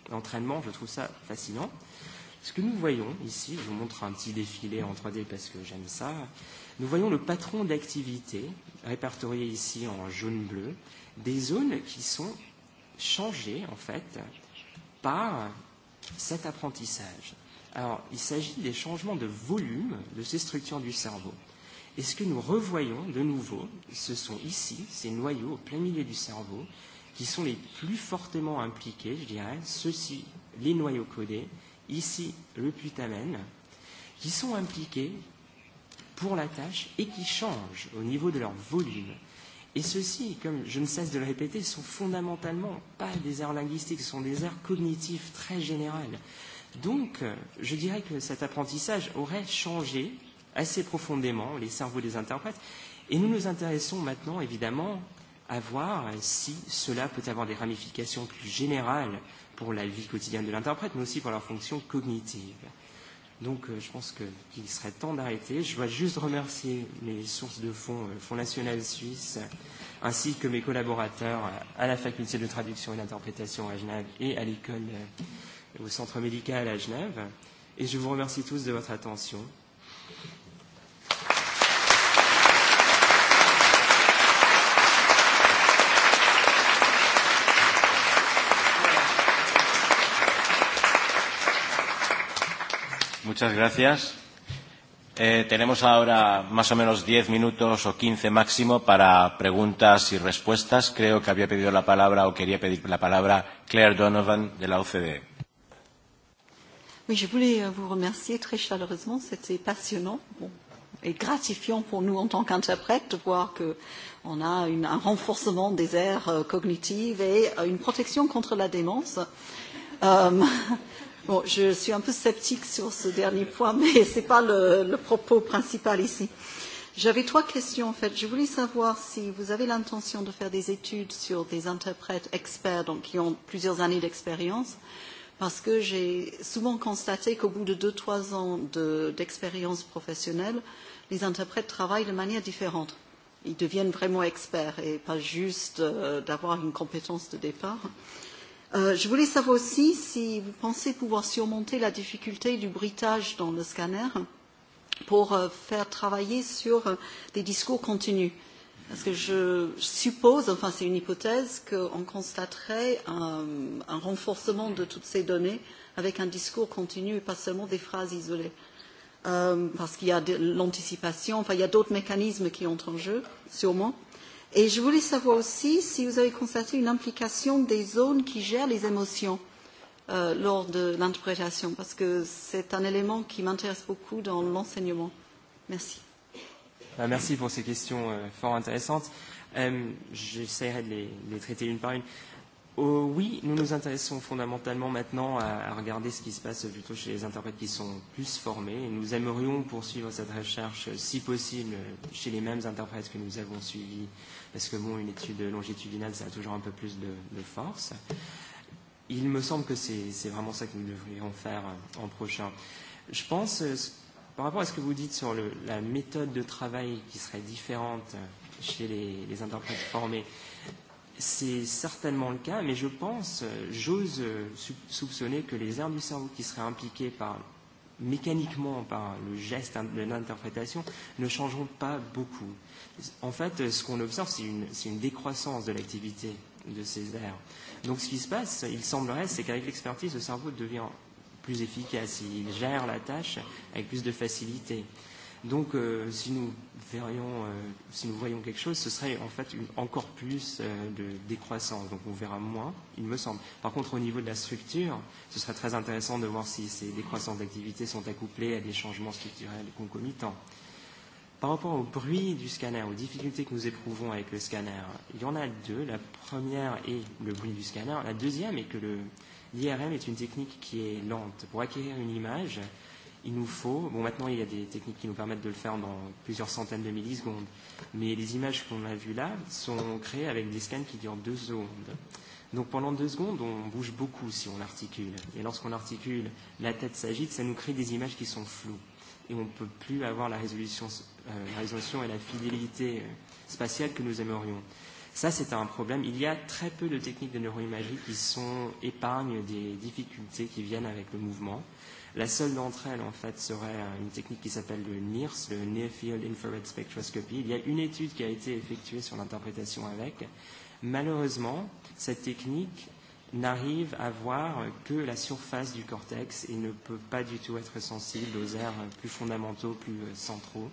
d'entraînement, de, de, je trouve ça fascinant. Ce que nous voyons ici, je vous montre un petit défilé en 3D parce que j'aime ça, nous voyons le patron d'activité répertoriées ici en jaune-bleu, des zones qui sont changées en fait par cet apprentissage. Alors, il s'agit des changements de volume de ces structures du cerveau. Et ce que nous revoyons de nouveau, ce sont ici ces noyaux au plein milieu du cerveau qui sont les plus fortement impliqués, je dirais, ceux-ci, les noyaux codés, ici le putamen, qui sont impliqués pour la tâche et qui changent au niveau de leur volume. Et ceux-ci, comme je ne cesse de le répéter, sont fondamentalement pas des arts linguistiques, ce sont des arts cognitives très générales. Donc, euh, je dirais que cet apprentissage aurait changé assez profondément les cerveaux des interprètes. Et nous nous intéressons maintenant, évidemment, à voir si cela peut avoir des ramifications plus générales pour la vie quotidienne de l'interprète, mais aussi pour leur fonction cognitive. Donc euh, je pense qu'il qu serait temps d'arrêter. Je dois juste remercier mes sources de fonds, euh, Fonds national suisse, ainsi que mes collaborateurs euh, à la faculté de traduction et d'interprétation à Genève et à l'école euh, au centre médical à Genève. Et je vous remercie tous de votre attention. Muchas gracias. Eh, tenemos ahora más o menos 10 minutos o 15 máximo para preguntas y respuestas. Creo que había pedido la palabra o quería pedir la palabra Claire Donovan de la OCDE. Oui, je voulais euh, vous remercier très chaleureusement. C'était passionnant bon, et gratifiant pour nous en tant qu'interprètes de voir qu'on a une, un renforcement des aires euh, cognitives et euh, une protection contre la démence. Euh, Bon, je suis un peu sceptique sur ce dernier point, mais ce n'est pas le, le propos principal ici. J'avais trois questions en fait. Je voulais savoir si vous avez l'intention de faire des études sur des interprètes experts, donc qui ont plusieurs années d'expérience, parce que j'ai souvent constaté qu'au bout de deux, trois ans d'expérience de, professionnelle, les interprètes travaillent de manière différente. Ils deviennent vraiment experts et pas juste euh, d'avoir une compétence de départ. Euh, Euh, je voulais savoir aussi si vous pensez pouvoir surmonter la difficulté du bruitage dans le scanner pour euh, faire travailler sur euh, des discours continus. Parce que je suppose, enfin c'est une hypothèse, qu'on constaterait un, un renforcement de toutes ces données avec un discours continu et pas seulement des phrases isolées. Euh, parce qu'il y a l'anticipation, enfin il y a d'autres mécanismes qui entrent en jeu, sûrement. Euh, Et je voulais savoir aussi si vous avez constaté une implication des zones qui gèrent les émotions euh, lors de l'interprétation, parce que c'est un élément qui m'intéresse beaucoup dans l'enseignement. Merci. Euh, merci pour ces questions euh, fort intéressantes. Euh, J'essaierai de les, les traiter une par une. Euh, oui, nous nous intéressons fondamentalement maintenant à, à regarder ce qui se passe plutôt chez les interprètes qui sont plus formés. Et nous aimerions poursuivre cette recherche, euh, si possible, chez les mêmes interprètes que nous avons suivis, parce que bon, une étude longitudinale, ça a toujours un peu plus de, de force. Il me semble que c'est vraiment ça que nous devrions faire euh, en prochain. Je pense, euh, par rapport à ce que vous dites sur le, la méthode de travail qui serait différente chez les, les interprètes formés, euh, C'est certainement le cas, mais je pense, euh, j'ose euh, soupçonner que les aires du cerveau qui seraient impliquées par, mécaniquement par le geste de l'interprétation ne changeront pas beaucoup. En fait, ce qu'on observe, c'est une, une décroissance de l'activité de ces aires. Donc ce qui se passe, il semblerait, c'est qu'avec l'expertise, le cerveau devient plus efficace, il gère la tâche avec plus de facilité. Euh, Donc, euh, si nous verrions, euh, si nous voyons quelque chose, ce serait en fait une, encore plus euh, de décroissance. Donc, on verra moins, il me semble. Par contre, au niveau de la structure, ce serait très intéressant de voir si ces décroissances d'activité sont accouplées à des changements structurels concomitants. Par rapport au bruit du scanner, aux difficultés que nous éprouvons avec le scanner, il y en a deux. La première est le bruit du scanner. La deuxième est que l'IRM est une technique qui est lente. Pour acquérir une image, euh, il nous faut, bon maintenant il y a des techniques qui nous permettent de le faire dans plusieurs centaines de millisecondes, mais les images qu'on a vues là sont créées avec des scans qui durent deux secondes. Donc pendant deux secondes, on bouge beaucoup si on articule. Et lorsqu'on articule, la tête s'agite, ça nous crée des images qui sont floues. Et on ne peut plus avoir la résolution, euh, la résolution et la fidélité euh, spatiale que nous aimerions. Ça, c'est un problème. Il y a très peu de techniques de neuroimagerie qui sont épargnes des difficultés qui viennent avec le mouvement. La seule d'entre elles, en fait, serait euh, une technique qui s'appelle le NIRS, le Near Field Infrared Spectroscopy. Il y a une étude qui a été effectuée sur l'interprétation avec. Malheureusement, cette technique n'arrive à voir que la surface du cortex et ne peut pas du tout être sensible aux aires plus fondamentaux, plus euh, centraux.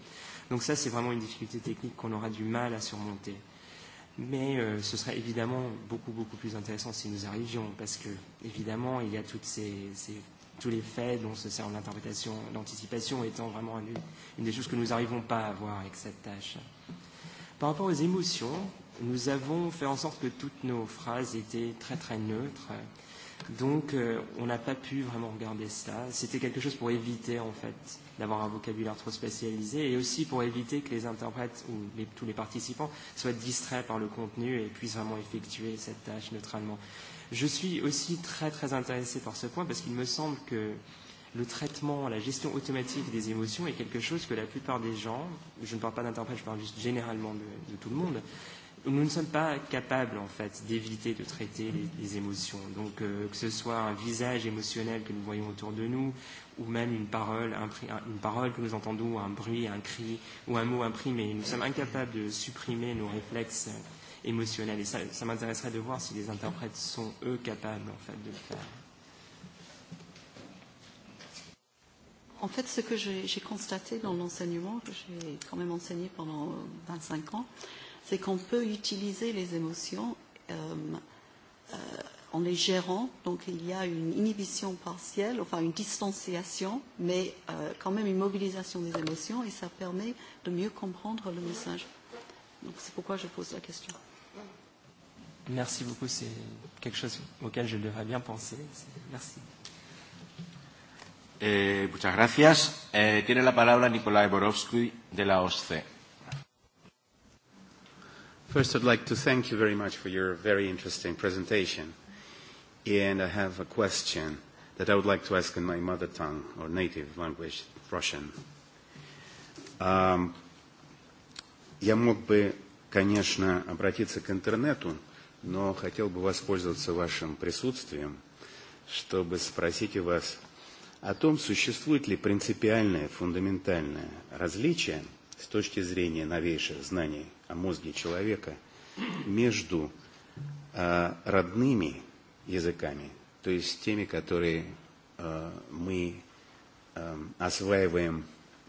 Donc ça, c'est vraiment une difficulté technique qu'on aura du mal à surmonter. Mais euh, ce serait évidemment beaucoup, beaucoup plus intéressant si nous arrivions, parce que, évidemment, il y a toutes ces, ces tous les faits, dont se sert l'interprétation, l'anticipation étant vraiment une, une des choses que nous n'arrivons pas à voir avec cette tâche. Par rapport aux émotions, nous avons fait en sorte que toutes nos phrases étaient très très neutres. Donc euh, on n'a pas pu vraiment regarder ça. C'était quelque chose pour éviter en fait d'avoir un vocabulaire trop spécialisé et aussi pour éviter que les interprètes ou les, tous les participants soient distraits par le contenu et puissent vraiment effectuer cette tâche neutralement. Je suis aussi très très intéressé par ce point parce qu'il me semble que le traitement, la gestion automatique des émotions est quelque chose que la plupart des gens, je ne parle pas d'interprète, je parle juste généralement de, de tout le monde, nous ne sommes pas capables en fait d'éviter de traiter les, les émotions. Donc euh, que ce soit un visage émotionnel que nous voyons autour de nous, ou même une parole, un, une parole que nous entendons, un bruit, un cri, ou un mot imprimé, nous sommes incapables de supprimer nos réflexes. Euh, émotionnel. Et ça, ça m'intéresserait de voir si les interprètes sont, eux, capables, en fait, de le faire. En fait, ce que j'ai constaté dans l'enseignement, que j'ai quand même enseigné pendant 25 euh, ans, c'est qu'on peut utiliser les émotions euh, euh, en les gérant. Donc il y a une inhibition partielle, enfin une distanciation, mais euh, quand même une mobilisation des émotions et ça permet de mieux comprendre le message. Donc c'est pourquoi je pose la question. Merci beaucoup, c'est quelque chose auquel je devrais bien penser. Merci. Eh, muchas gracias. Eh, tiene la palabra Nikolai Borovsky de la OSCE. First, I'd like to thank you very much for your very interesting presentation. And I have a question that I would like to ask in my mother tongue or native language, Russian. Um, я мог бы, конечно, обратиться к интернету, но хотел бы воспользоваться вашим присутствием, чтобы спросить у вас о том, существует ли принципиальное, фундаментальное различие с точки зрения новейших знаний о мозге человека между э, родными языками, то есть теми, которые э, мы э, осваиваем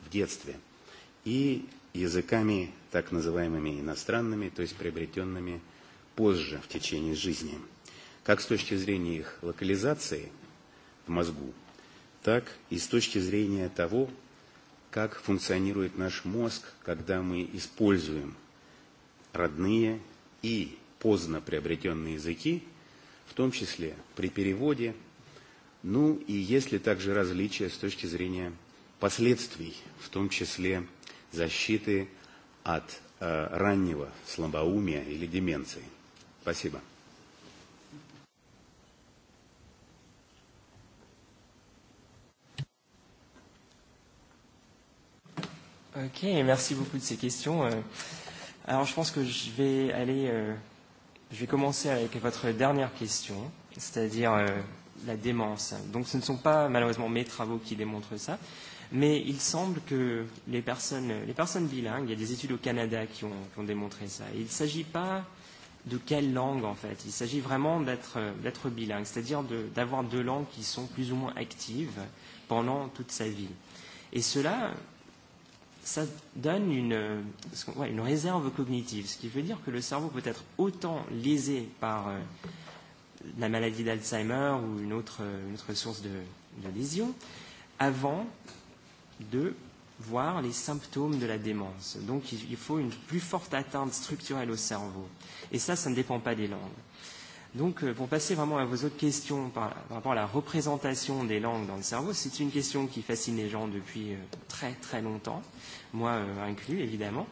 в детстве, и языками так называемыми иностранными, то есть приобретенными языками позже в течение жизни, как с точки зрения их локализации в мозгу, так и с точки зрения того, как функционирует наш мозг, когда мы используем родные и поздно приобретенные языки, в том числе при переводе, ну и есть ли также различия с точки зрения последствий, в том числе защиты от э, раннего слабоумия или деменции. Спасибо. Ok, merci beaucoup de ces questions. Euh, alors je pense que je vais aller, euh, je vais commencer avec votre dernière question, c'est-à-dire euh, la démence. Donc ce ne sont pas malheureusement mes travaux qui démontrent ça, mais il semble que les personnes, les personnes bilingues, il y a des études au Canada qui ont, qui ont démontré ça. Il ne s'agit pas euh, de quelle langue en fait. Il s'agit vraiment d'être euh, bilingue, c'est-à-dire d'avoir de, deux langues qui sont plus ou moins actives pendant toute sa vie. Et cela, ça donne une, ouais, une réserve cognitive, ce qui veut dire que le cerveau peut être autant lésé par euh, la maladie d'Alzheimer ou une autre, une autre source de, de lésion avant de voir les symptômes de la démence. Donc il faut une plus forte atteinte structurelle au cerveau. Et ça, ça ne dépend pas des langues. Donc euh, pour passer vraiment à vos autres questions par, par rapport à la représentation des langues dans le cerveau, c'est une question qui fascine les gens depuis euh, très très longtemps, moi euh, inclus évidemment.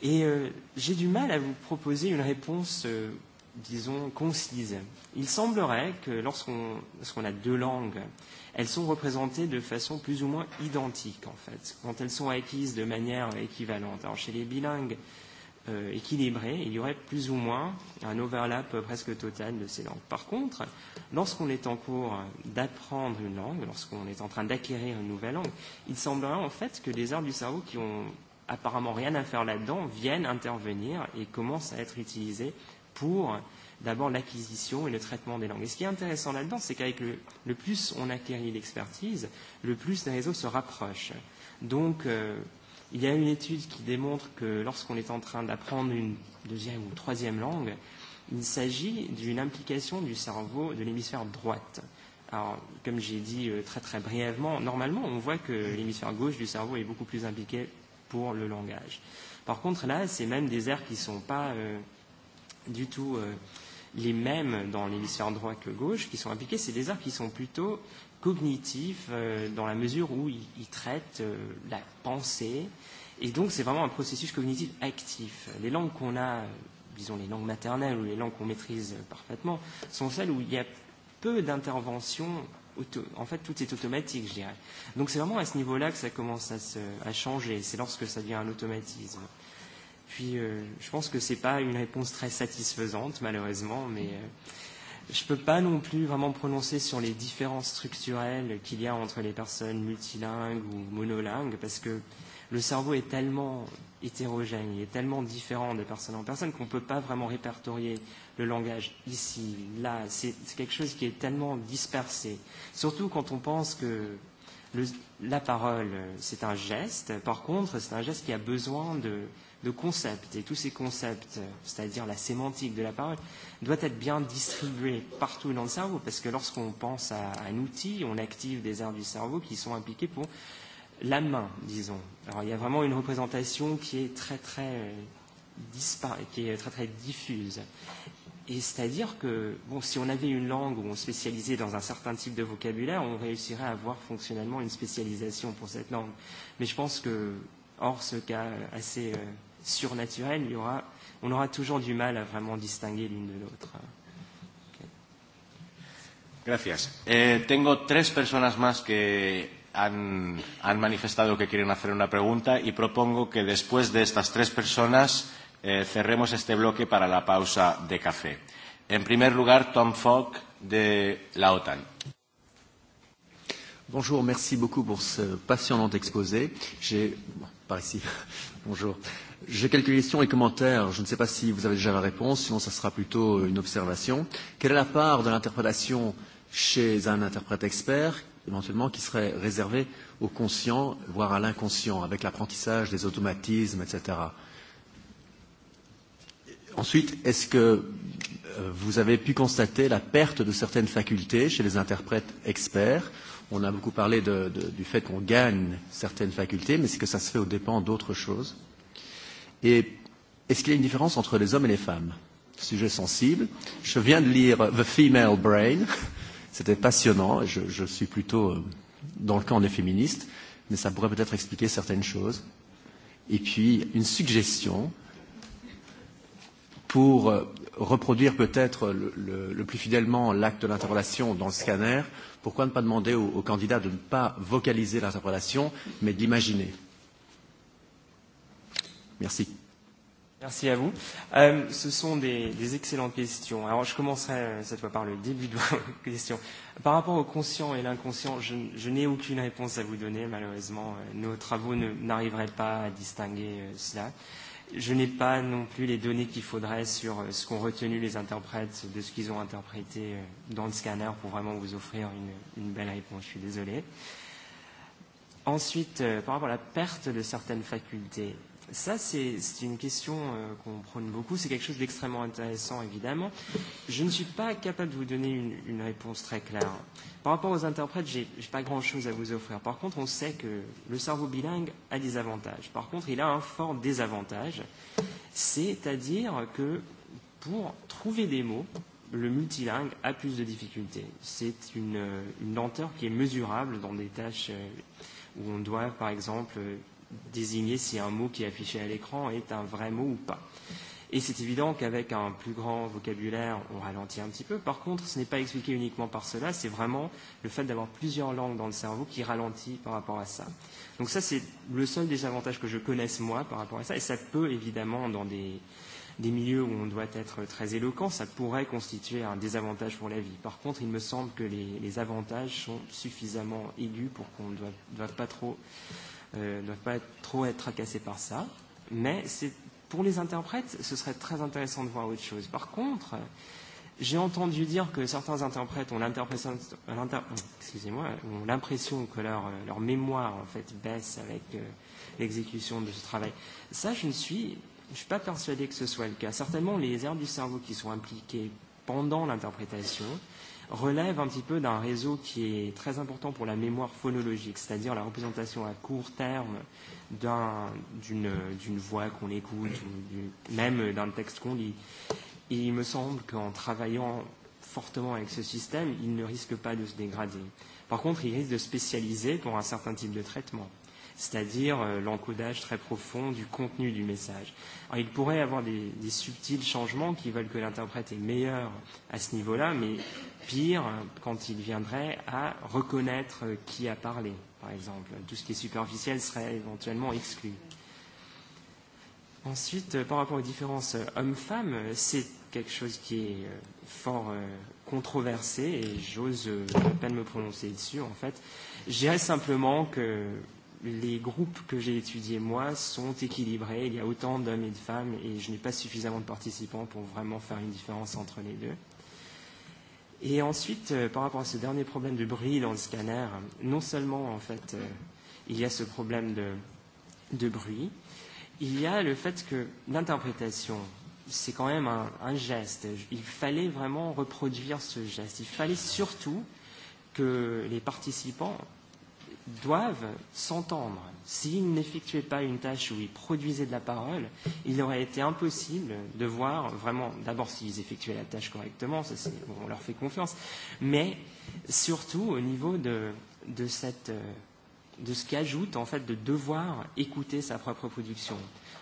Et euh, j'ai du mal à vous proposer une réponse, euh, disons, concise. Il semblerait que lorsqu'on lorsqu a deux langues, euh, elles sont représentées de façon plus ou moins identique, en fait, quand elles sont acquises de manière équivalente. Alors, chez les bilingues euh, équilibrés, il y aurait plus ou moins un overlap presque total de ces langues. Par contre, lorsqu'on est en cours d'apprendre une langue, lorsqu'on est en train d'acquérir une nouvelle langue, il semblerait en fait que des aires du cerveau qui ont apparemment rien à faire là-dedans viennent intervenir et commencent à être utilisées pour euh, d'abord l'acquisition et le traitement des langues. Et ce qui est intéressant là-dedans, c'est qu'avec le, le plus on acquérit l'expertise, le plus les réseaux se rapprochent. Donc, euh, il y a une étude qui démontre que lorsqu'on est en train d'apprendre une deuxième ou troisième langue, il s'agit d'une implication du cerveau de l'hémisphère droite. Alors, comme j'ai dit euh, très très brièvement, normalement, on voit que l'hémisphère gauche du cerveau est beaucoup plus impliqué pour le langage. Par contre, là, c'est même des aires qui ne sont pas euh, du tout euh, les mêmes dans l'hémisphère droit que gauche qui sont impliqués. C'est des arts qui sont plutôt cognitifs euh, dans la mesure où ils, ils traitent euh, la pensée. Et donc, c'est vraiment un processus cognitif actif. Les langues qu'on a, euh, disons les langues maternelles ou les langues qu'on maîtrise euh, parfaitement, sont celles où il y a peu d'interventions. auto, en fait, tout est automatique, je dirais. Donc c'est vraiment à ce niveau-là que ça commence à, se, à changer. C'est lorsque ça devient un automatisme. Puis euh, je pense que ce n'est pas une réponse très satisfaisante, malheureusement, mais euh, je ne peux pas non plus vraiment prononcer sur les différences structurelles qu'il y a entre les personnes multilingues ou monolingues, parce que le cerveau est tellement hétérogène, il est tellement différent de personne en personne qu'on ne peut pas vraiment répertorier le langage ici, là. C'est quelque chose qui est tellement dispersé. Surtout quand on pense que le, la parole, c'est un geste. Par contre, c'est un geste qui a besoin de, de concepts. Et tous ces concepts, c'est-à-dire la sémantique de la parole, doit être bien distribué partout dans le cerveau, parce que lorsqu'on pense à un outil, on active des aires du cerveau qui sont impliquées pour la main, disons. Alors il y a vraiment une représentation qui est très très euh, dispar qui est très très diffuse. Et c'est-à-dire que bon, si on avait une langue où on spécialisait dans un certain type de vocabulaire, on réussirait à avoir fonctionnellement une spécialisation pour cette langue. Mais je pense que, hors ce cas assez euh, surnaturelle, il y aura, on aura toujours du mal à vraiment distinguer l'une de l'autre. Gracias. Eh, tengo tres personas más que han, han manifestado que quieren hacer una pregunta y propongo que después de estas tres personas eh, cerremos este bloque para la pausa de café. En primer lugar, Tom Fogg de la OTAN. Bonjour, merci beaucoup pour ce passionnant exposé. J'ai, bon, par ici, bonjour. Euh, J'ai quelques questions et commentaires. Je ne sais pas si vous avez déjà la réponse, sinon ça sera plutôt euh, une observation. Quelle est la part de l'interprétation chez un interprète expert, éventuellement, qui serait réservée au conscient, voire à l'inconscient, avec l'apprentissage des automatismes, etc. Ensuite, est-ce que euh, vous avez pu constater la perte de certaines facultés chez les interprètes experts On a beaucoup parlé de, de, du fait qu'on gagne certaines facultés, mais est-ce que ça se fait aux dépens d'autres choses Et est-ce qu'il y a une différence entre les hommes et les femmes Sujet sensible. Je viens de lire The Female Brain. C'était passionnant. Je, je suis plutôt euh, dans le camp des féministes, mais ça pourrait peut-être expliquer certaines choses. Et puis, une suggestion pour euh, reproduire peut-être le, le, le plus fidèlement l'acte de l'interrelation dans le scanner, pourquoi ne pas demander au, au candidat de ne pas vocaliser l'interrelation, mais d'imaginer Merci. Merci à vous. Euh, ce sont des, des excellentes questions. Alors, je commencerai euh, cette fois par le début de vos questions. Par rapport au conscient et l'inconscient, je, je n'ai aucune réponse à vous donner, malheureusement. Euh, nos travaux n'arriveraient pas à distinguer euh, cela. Je n'ai pas non plus les données qu'il faudrait sur euh, ce qu'ont retenu les interprètes, de ce qu'ils ont interprété euh, dans le scanner pour vraiment vous offrir une, une belle réponse. Je suis désolé. Ensuite, euh, par rapport à la perte de certaines facultés, Ça, c'est une question euh, qu'on prône beaucoup. C'est quelque chose d'extrêmement intéressant, évidemment. Je ne suis pas capable de vous donner une, une réponse très claire. Par rapport aux interprètes, je n'ai pas grand-chose à vous offrir. Par contre, on sait que le cerveau bilingue a des avantages. Par contre, il a un fort désavantage. C'est-à-dire que pour trouver des mots, le multilingue a plus de difficultés. C'est une, une lenteur qui est mesurable dans des tâches euh, où on doit, par exemple, désigner si un mot qui est affiché à l'écran est un vrai mot ou pas. Et c'est évident qu'avec un plus grand vocabulaire, on ralentit un petit peu. Par contre, ce n'est pas expliqué uniquement par cela, c'est vraiment le fait d'avoir plusieurs langues dans le cerveau qui ralentit par rapport à ça. Donc ça, c'est le seul désavantage que je connaisse moi par rapport à ça. Et ça peut évidemment, dans des, des milieux où on doit être très éloquent, ça pourrait constituer un désavantage pour la vie. Par contre, il me semble que les, les avantages sont suffisamment aigus pour qu'on ne doive, doive pas trop euh, euh, doivent pas être, trop être tracassés par ça. Mais pour les interprètes, ce serait très intéressant de voir autre chose. Par contre, j'ai entendu dire que certains interprètes ont l'impression que leur, euh, leur mémoire en fait baisse avec euh, l'exécution de ce travail. Ça, je ne suis, je suis pas persuadé que ce soit le cas. Certainement, les aires du cerveau qui sont impliquées pendant l'interprétation relève un petit peu d'un réseau qui est très important pour la mémoire phonologique, c'est-à-dire la représentation à court terme d'une un, voix qu'on écoute, ou du, même d'un texte qu'on lit. Et il me semble qu'en travaillant fortement avec ce système, il ne risque pas de se dégrader. Par contre, il risque de spécialiser pour un certain type de traitement c'est-à-dire euh, l'encodage très profond du contenu du message. Alors, il pourrait y avoir des, des subtils changements qui veulent que l'interprète est meilleur à ce niveau-là, mais pire quand il viendrait à reconnaître euh, qui a parlé, par exemple. Tout ce qui est superficiel serait éventuellement exclu. Ensuite, euh, par rapport aux différences euh, hommes-femmes, c'est quelque chose qui est fort controversé et j'ose à peine me prononcer dessus en fait. Je dirais simplement que les groupes que j'ai étudiés, moi, sont équilibrés. Il y a autant d'hommes et de femmes et je n'ai pas suffisamment de participants pour vraiment faire une différence entre les deux. Et ensuite, euh, par rapport à ce dernier problème de bruit dans le scanner, non seulement, en fait, euh, il y a ce problème de, de bruit, il y a le fait que l'interprétation, c'est quand même un, un geste. Il fallait vraiment reproduire ce geste. Il fallait surtout que les participants doivent s'entendre. S'ils n'effectuaient pas une tâche où ils produisaient de la parole, il aurait été impossible de voir vraiment, d'abord s'ils effectuaient la tâche correctement, ça c'est, bon, on leur fait confiance, mais surtout au niveau de, de, cette, euh, de ce qu'ajoute en fait de devoir écouter sa propre production.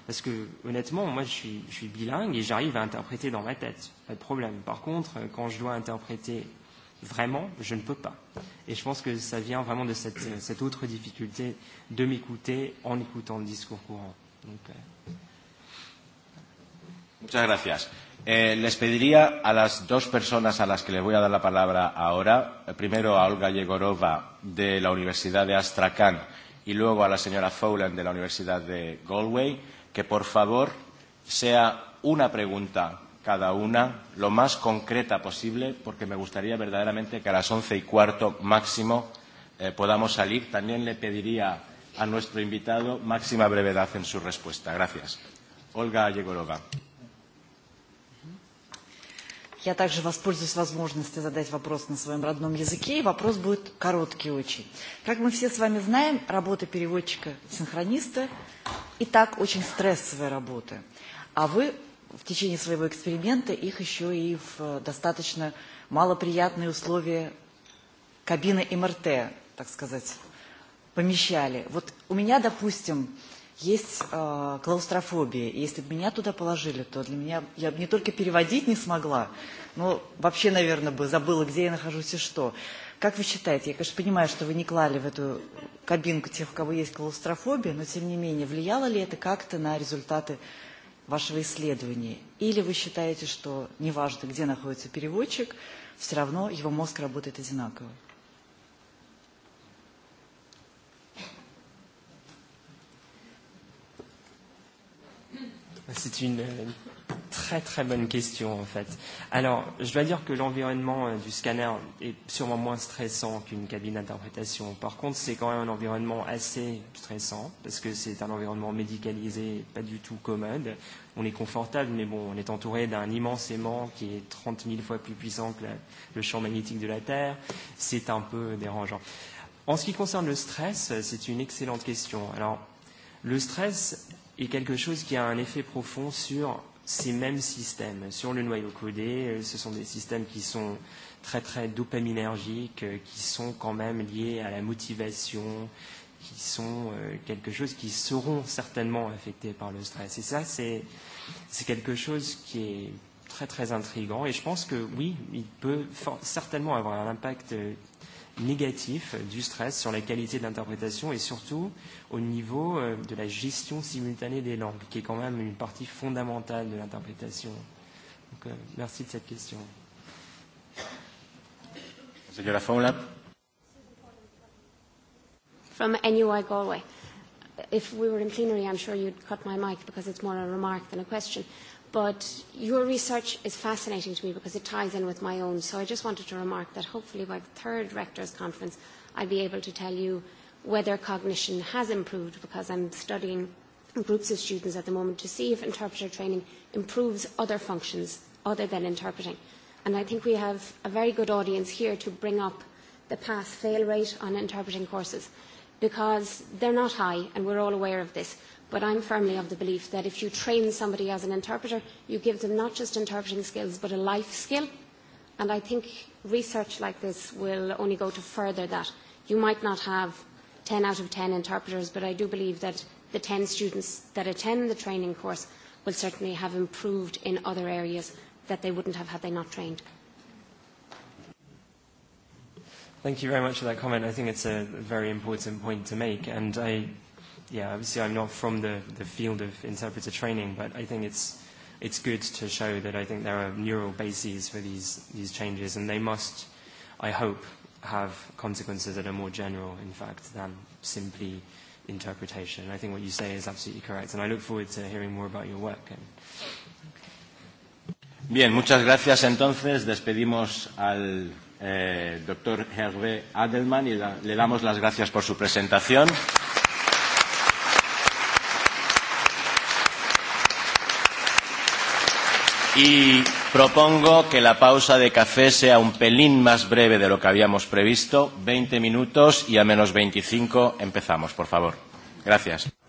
Parce que honnêtement, moi je suis, je suis bilingue et j'arrive à interpréter dans ma tête, pas de problème. Par contre, quand je dois interpréter vraiment, je ne peux pas. Et je pense que ça vient vraiment de cette, euh, cette autre difficulté de m'écouter en écoutant le discours courant. Donc, euh... Muchas gracias. Eh, les pediría a las dos personas a las que les voy a dar la palabra ahora, eh, primero a Olga Yegorova de la Universidad de Astrakhan y luego a la señora Fowland de la Universidad de Galway, que por favor sea una pregunta cada una lo más concreta posible, porque me gustaría verdaderamente que a las once y cuarto máximo eh, podamos salir. También le pediría a nuestro invitado máxima brevedad en su respuesta. Gracias. Olga Yegorova. Я также воспользуюсь возможностью задать вопрос на своем родном языке, и вопрос будет короткий очень. Как мы все с вами знаем, работа переводчика-синхрониста и так очень стрессовая работа. А вы в течение своего эксперимента их еще и в достаточно малоприятные условия кабины МРТ, так сказать, помещали. Вот у меня, допустим, есть э, клаустрофобия, и если бы меня туда положили, то для меня я бы не только переводить не смогла, но вообще, наверное, бы забыла, где я нахожусь и что. Как вы считаете, я, конечно, понимаю, что вы не клали в эту кабинку тех, у кого есть клаустрофобия, но, тем не менее, влияло ли это как-то на результаты вашего исследования? Или вы считаете, что неважно, где находится переводчик, все равно его мозг работает одинаково? C'est une, très très bonne question en fait. Alors, je dois dire que l'environnement euh, du scanner est sûrement moins stressant qu'une cabine d'interprétation. Par contre, c'est quand même un environnement assez stressant parce que c'est un environnement médicalisé, pas du tout commode. On est confortable, mais bon, on est entouré d'un immense aimant qui est 30 000 fois plus puissant que la, le champ magnétique de la Terre. C'est un peu dérangeant. En ce qui concerne le stress, euh, c'est une excellente question. Alors, le stress est quelque chose qui a un effet profond sur ces mêmes systèmes sur le noyau codé. Euh, ce sont des systèmes qui sont très très dopaminergiques, euh, qui sont quand même liés à la motivation, qui sont euh, quelque chose qui seront certainement affectés par le stress. Et ça, c'est c'est quelque chose qui est très très intrigant. Et je pense que oui, il peut certainement avoir un impact négatif du stress sur la qualité de l'interprétation et surtout au niveau euh, de la gestion simultanée des langues, qui est quand même une partie fondamentale de l'interprétation. Donc, euh, merci de cette question. Señora Faula. From NUI Galway. If we were in plenary, I'm sure you'd cut my mic because it's more a remark than a question. Uh, But your research is fascinating to me because it ties in with my own. So I just wanted to remark that hopefully by the third Rectors Conference, I'll be able to tell you whether cognition has improved because I'm studying groups of students at the moment to see if interpreter training improves other functions other than interpreting. And I think we have a very good audience here to bring up the pass-fail rate on interpreting courses because they're not high and we're all aware of this But I'm firmly of the belief that if you train somebody as an interpreter, you give them not just interpreting skills, but a life skill. And I think research like this will only go to further that. You might not have 10 out of 10 interpreters, but I do believe that the 10 students that attend the training course will certainly have improved in other areas that they wouldn't have had they not trained. Thank you very much for that comment. I think it's a very important point to make, and I yeah, obviously I'm not from the, the field of interpreter training, but I think it's, it's good to show that I think there are neural bases for these, these changes, and they must, I hope, have consequences that are more general, in fact, than simply interpretation. I think what you say is absolutely correct, and I look forward to hearing more about your work. And... Bien, muchas gracias. Entonces, despedimos al eh, doctor Hervé Adelman y la, le damos las gracias por su presentación. Y propongo que la pausa de café sea un pelín más breve de lo que habíamos previsto, 20 minutos y a menos 25 empezamos, por favor. Gracias.